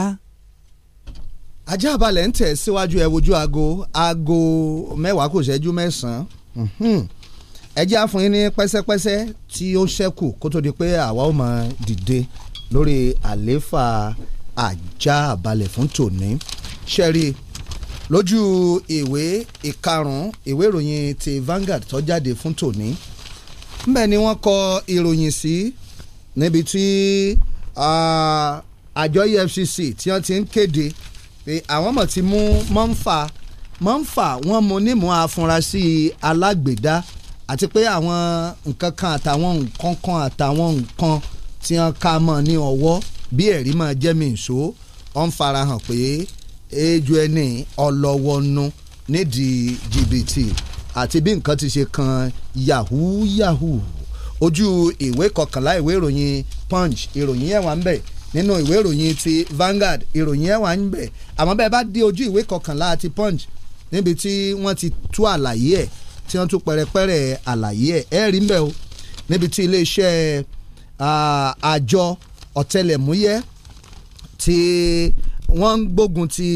ajá balẹ̀ ń tẹ̀ síwájú ẹ wojú mẹ́wàá kò ṣẹ́jú mẹ́sàn-án hmm ẹ jẹ́ àfún yín ní pẹ́sẹ́pẹ́sẹ́ tí ó ṣẹ́kù kó tó di pé àwa ó máa dìde lórí àléfà àjà àbalẹ̀ fún tòní ṣẹ́rí lójú ìwé ìkarùn-ún ìwé ìròyìn ti Vanguard tó jáde fún tòní mbẹ́ ni wọ́n kọ ìròyìn sí níbi tí àjọ EFCC tí wọ́n ti ń kéde pé àwọn mọ̀ ti mú mọ́ńfà mọ́ńfà wọ́n mú afurasí alágbèdá àti pé àwọn nǹkan kan àtàwọn nǹkan kan àtàwọn nǹkan tí wọ́n ká mọ́ ní ọwọ́ bí ẹ̀rí máa jẹ́ mi ìṣó ó ń farahàn pé eéjú ẹni ọlọ́wọ́nu nídìí jìbìtì àti bí nǹkan ti ṣe kan yahoo yahoo ojú ìwé kọkànlá ìwé ìròyìn punch ìròyìn yẹn wà ń bẹ̀ nínú ìwé ìròyìn ti Vanguard ìròyìn yẹn wà ń bẹ̀ àmọ́ bẹ́ẹ̀ bá dé ojú ìwé kọkànlá àti punch níbi tí wọ́n ti tú àlàyé ẹ̀ tí wọ́n tún pẹ̀rẹ̀pẹ̀rẹ̀ àlàyé ẹ̀ ẹ̀ rí mbẹ́ o níbi tí iléeṣẹ́ àjọ ọ̀tẹlẹ̀múyẹ́ tí wọ́n ń gbógun ti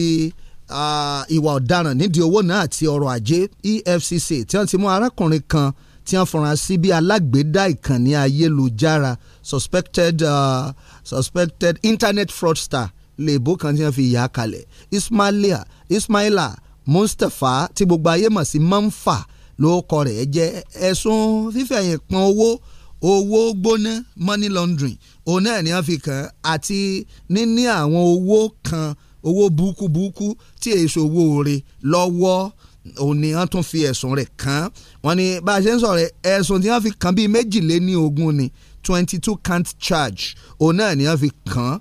ìwà ọ̀daràn nídìí owó náà àti ọrọ̀ ajé EFCC tí wọ́n ti mú arákùnrin kan tí wọ́n fọ̀ràn sí bí alágbèédá ìkànnì ayélujára suspected uh, suspected internet fraudster lèbó kan tí wọ́n fi yà á kalẹ̀ Ismailia Ismaila Mustapha tí gbogbo ayé mọ̀ sí Manfa ló kọ rẹ̀ jẹ́ ẹ̀sùn fífẹ̀yìn pọn owó owó gbóná money laundering òun náà ni wọ́n fi kàn àti níní àwọn owó kan owó burúkú burúkú tí èso owó rẹ̀ lọ́wọ́ òun ni wọ́n tún fi ẹ̀sùn rẹ̀ kàn wọ́n ní bá a ṣe ń sọ̀rọ̀ ẹ̀sùn tí wọ́n fi kàn bíi méjìléní ni twenty two count charge òun náà ni wọ́n fi kàn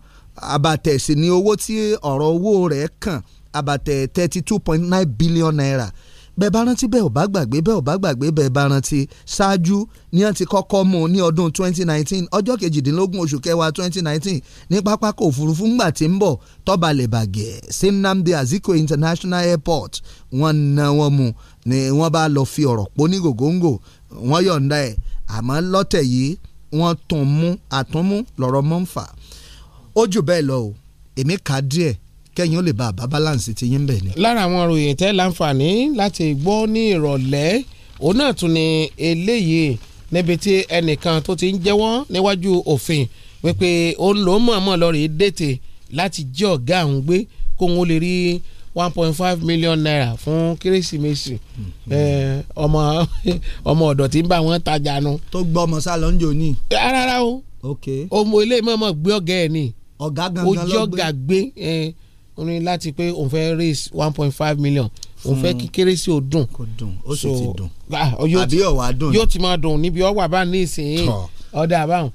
abatẹ̀sí ni owó tí ọ̀rọ̀ owó rẹ̀ kàn abatẹ̀ thirty two point nine billion naira bẹ́ẹ̀ bá rántí bẹ́ẹ̀ ò bá gbàgbé bẹ́ẹ̀ ò bá gbàgbé bẹ́ẹ̀ bá rántí ṣáájú ni wọ́n ti kọ́kọ́ mú un ní ọdún 2019 ọjọ́ kejìdínlógún oṣù kẹwàá 2019 ní pápákọ̀ òfurufú ńgbà tí ń bọ̀ tọ́balẹ̀ bàgẹ́ sí Nnamdi Azikiwe International Airport wọ́n na wọ́n mu ni wọ́n bá lọ fi ọ̀rọ̀ pọ̀ ní gògóńgò wọ́n yọ̀ǹda ẹ̀ àmọ́ lọ́tẹ̀ yìí wọ́n tún mú àtúnmú lọ́rọ̀ mọ́ ń fà ó jù bẹ́ẹ̀ lọ o èmi kà díẹ̀ kẹ́yìn ó lè bá àbá balance ti yín bẹ̀ ni. lára àwọn òròyìn tẹ́ láǹfààní láti gbọ́ ní ìrọ̀lẹ́ òun náà tún ni eléyìí níbi tí ẹnìkan tó ti ń jẹ́wọ́ níwájú òfin wípé òun ló mọ̀ọ́mọ̀ lọ rèé dètè láti jẹ́ ọ̀gá àwọn gbé kóun ó lè rí one point five million naira fún kérésìmesì hmm. ọmọ ọmọ ọ̀dọ̀ tí ń bá wọn tajà nu. tó gbọ́ ọmọ sálọ ń jò ní. rárá o ọmọ ilé mọ̀mọ́ gbé ọ̀gá ẹ̀ ni ọ̀gá gangan ló gbé ojú ọ̀gá gbé ó ní láti pé òun fẹ́ raise one point five million òun fẹ́ hmm. kí kérésì ó dùn. kò dùn ó sì ti dùn ah, àbí ọ̀wá dùn. yóò ti máa dùn níbi ọ̀wà bá ní ìsìn ọ̀dà àbáhùn.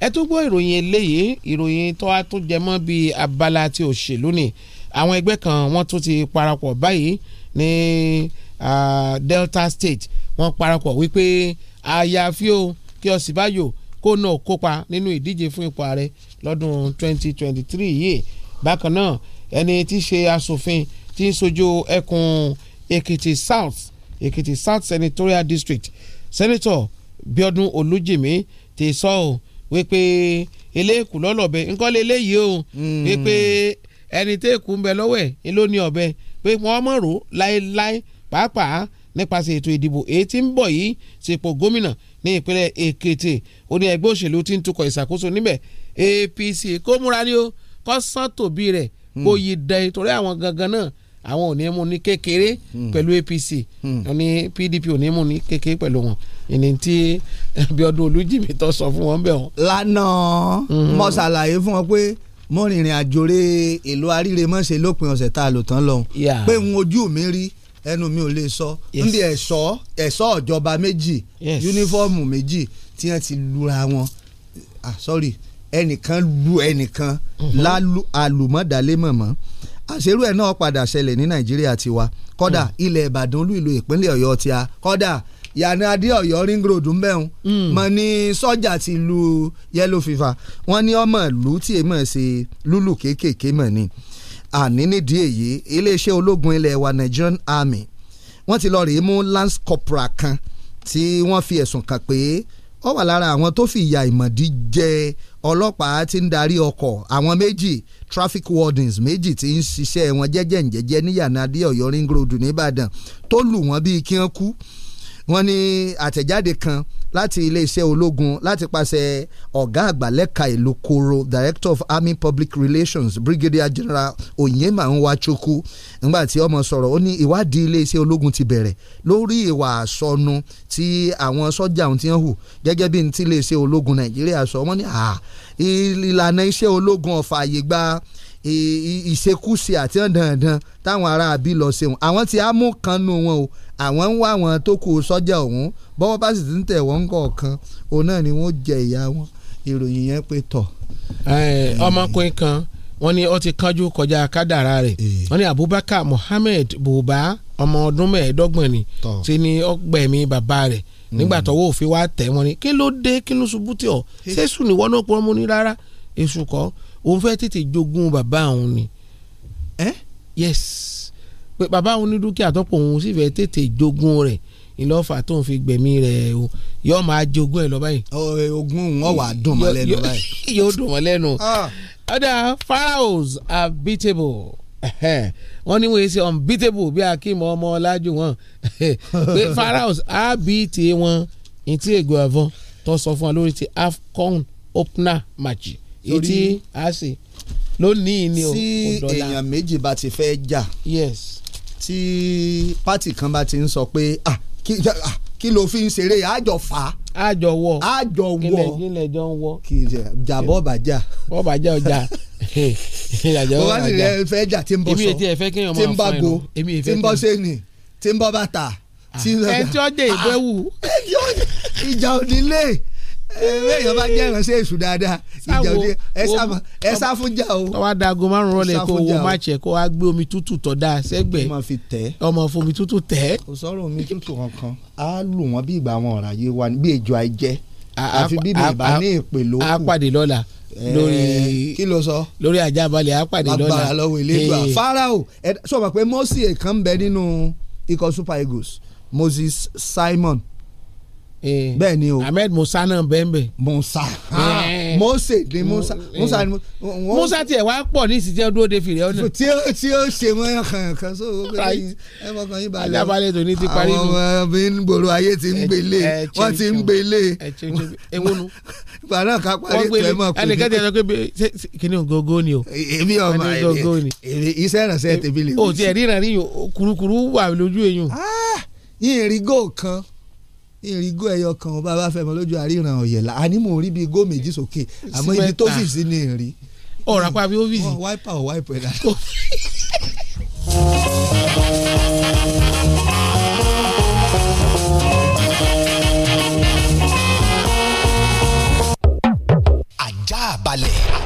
ẹ tó gbọ́ ìròyìn eléyìí ìròyìn tó wá tó jẹ mọ́ bíi abala ti òṣèlú ni àwọn ẹgbẹ́ kan wọ́n tún ti parapọ̀ báyìí ní Delta State wọ́n parapọ̀ wípé àyàfi o kí Ọ̀sínbàjò kó náà kópa nínú ìdíje fún ipò ààrẹ lọ́dún 2023 yìí bákan náà ẹni tí í ṣe asòfin tí ń sojú ẹkùn Èkìtì South Èkìtì South Senatorial District Senator Bíọ́dún Olújìmí ti sọ ọ́ wípé eléèkú lọ́lọ́bẹ ńkọ́lé eléyìí o wípé hmm. ẹni tó èkú ń bẹ lọ́wọ́ ẹ̀ ló ní ọ̀bẹ pé wọ́n mọ̀ rò láéláé pàápàá nípasẹ̀ ètò ìdìbò èyí tí ń bọ̀ yìí sípò gómìnà ní ìpínlẹ̀ Èkìtì ó ẹgbẹ́ òṣèlú tí ń tukọ̀ ìṣàkóso níbẹ̀ APC kó múra ní o kó sán tòbí rẹ̀ kó yí dẹ́ torí àwọn gangan náà àwọn ò ní mú ní kékeré hmm. pẹ̀lú APC hmm. wọn ní PDP ò ní mú ní kékeré pẹ̀lú wọn ìní tí Bíọ́dún Olújìmí tó sọ fún wọn bẹ́ẹ̀ wọn. lánàá hmm. mo ṣàlàyé fún wọn pé mo rìnrìn àjò re èlò àríre mọ́ṣe lópin ọ̀sẹ̀ tá a lò tán lọ́hùn pé n ojú mi rí ẹnu mi ò lè sọ níbi ẹ̀ṣọ́ ẹ̀ṣọ́ ìjọba méjì yúnífọ́ọ̀mù méjì tí wọ́n ti lura wọn ah sorry ẹnìkan lu ẹnìkan alùmọ̀dálémọ̀mọ́ àṣerú ẹ̀ náà padà ṣẹlẹ̀ ní nàìjíríà tiwa kọ́dà mm. ilẹ̀ ìbàdàn olú ìlú ìpínlẹ̀ ọ̀yọ́ ti a kọ́dà yàní adé ọ̀yọ́ ring road ń bẹ̀rùn mm. mọ̀ ní sọ́jà ti lu yellow fever wọ́n ní ọmọ ìlú tí èèmọ̀ ṣe lúlù kéékèèké mọ̀ ni àní nídìí èyí iléeṣẹ́ ológun ilẹ̀ wa Nigerian Army wọ́n ti lọ rèé mú lance corporal kan tí wọ́n fi ẹ̀sùn kàn pé ó wà lára àwọn tó fìyà ìmọ̀dí jẹ ọlọ́pàá tí ń darí ọkọ̀ àwọn méjì traffic wardens méjì tí ń ṣiṣẹ́ wọn jẹ́jẹ́ ǹjẹ́jẹ́ ní yànnádé ọ̀yọ́ ring road nìbàdàn tó lù wọ́n bíi kí wọ́n kú wọ́n ní àtẹ̀jáde kan láti iléeṣẹ́ ológun láti pàṣẹ ọ̀gá àgbà ìlú koro director of army public relations brigadier general onyema nwachukwu nígbà tí ọmọ sọ̀rọ̀ ó ní ìwádìí iléeṣẹ́ ológun ti bẹ̀rẹ̀ lórí ìwà àsọnu tí àwọn sọ́jà ohun ti ń hù gẹ́gẹ́ bí ti iléeṣẹ́ ológun nàìjíríà sọ wọ́n ní ìlànà iṣẹ́ ológun ọ̀fà àyè gba ìṣekúṣe àti ọ̀dàndàn táwọn ará àbí lọ ṣeun àwọn tí a mú kan nù wọn o àwọn ń wá àwọn tó kù sọ́jà ọ̀hún bọ́wọ́ bá sì ti ń tẹ̀ wọ́n ń kọ̀ọ̀kan òun náà ni wọ́n jẹ ìyá wọn ìròyìn yẹn pé tọ̀. ọmọkùnrin kan wọ́n ní ó ti kánjú kọjá kádàrá rẹ̀ eh. wọ́n ní Abubakar Mohammed Buba ọmọ ọdún mẹ́ẹ̀ẹ́dọ́gbọ̀n ni ti ní ọgbẹ̀mí bàbá rẹ̀ hmm. nígbà tọ́wọ́ òfin wa tẹ̀ wọ́n ní kí ló dé kí ló ṣubú tí ọ ṣéṣù ni wọ́n náà pọ̀ mọ́ rárá èṣù kọ́ òun fẹ́ tètè jogún bàbá òun ni. ẹ yes pé bàbá òun ní dúkìá tọ́pọ̀ òun sì fẹ́ tètè jogún rẹ̀ ìlọ́fà tó ń fi gbẹ̀mí rẹ̀ o yóò máa jogún ẹ̀ lọ báyìí. ogún wọn wà dùn mọ́ lẹ́nu báyìí. yóò dùn mọ́ lẹ́nu. Ah. ọ̀dà pharaohs are beatable wọ́n ní wọ́n ṣe unbeatable bí akíma ọmọ ọlájú wọn pé pharaohs are beat wọn ní ti ègò ẹ̀fọn tó sọ fún wa lórí ti afcon opener match èyí tí a ṣe lónìí ni o dọ́là. tí èèyàn méjì bá ti fẹ́ jà. yes tí pátì kan bá ti ń sọ pé ah kí ah kí ló fi ń ṣeré àjọ fà á. àjọ wọ àjọ wọ kílẹ̀ kílẹ̀ jọ ń wọ. kì í ṣe jàbọ̀ bàjá. bọ́ bàjá ọjà. bó bá sì rẹ fẹ́ jà tí ń bọ̀ sọ tí ń bá go tí ń bọ́ sẹ́ni tí ń bọ́ bàtà. Ah. ẹ tí ó dé ah. ìbẹ́wù. ìjà onílé èèyàn bá jẹ́ ìránṣẹ́ èṣù dáadáa ìjà òde ẹ fún jà o. tọ́wọ́ dago márùn-ún rọlẹ̀ kó wo máàcì ẹ̀ kó wá gbé omi tútù tọ́ da sẹ́gbẹ̀ẹ́ ọmọ fi tẹ̀ ọmọ fomi tútù tẹ̀. kò sọ̀rọ̀ omi tútù kankan á lù wọ́n bí ìgbà wọn ọ̀rọ̀ ayé wa bí èjò àìjẹ́ àfi bí bèbá ní ìpè lókù. a pàdé lọ́la lórí kí ló sọ lórí àjàbalẹ̀ àpàdé lọ́la agbára lọ́wọ́ ìlédùá farao Eh. bẹ́ẹ̀ ni o ahmed musa náà bẹ́ẹ̀ musa eh. mose ni musa eh. musa ni musa tiẹ̀ wá pọ̀ ní ìsìtẹ́ dúró de fìrẹ́ ọ̀nà. tí ó tí ó ṣe wọn kàn kàn so ẹ mọkàn yín balẹ̀ alábàálẹ̀ tó ní ti parí nù. àwọn ọmọ mi ń gbòòrò ayé ti ń gbélé wọ́n ti ń gbélé ewúnu. bàrà ká parí ètò ẹ̀ mọ̀ kú ni. ẹnìkan ti ẹ̀ sọ pé kíni ògógó ni o. èmi ọmọ èmi iṣẹ́ ìrànṣẹ́ tèmi lè. o ti ẹ̀ ríran rí kurukuru wà lójú eyín. Ah! yìnyín rí góò kan ìrìgó ẹyọ kan ọba bá fẹ́ lójú àríran ọ̀yẹ̀lá àní mò ń rí bíi góò méjì sókè àmọ́ ibi tó fì sí ni ń rí. ọ̀rọ̀ apá bí ó fì sí. wáìpà ọ̀ wáìpà ẹ̀dá. àjà balẹ̀.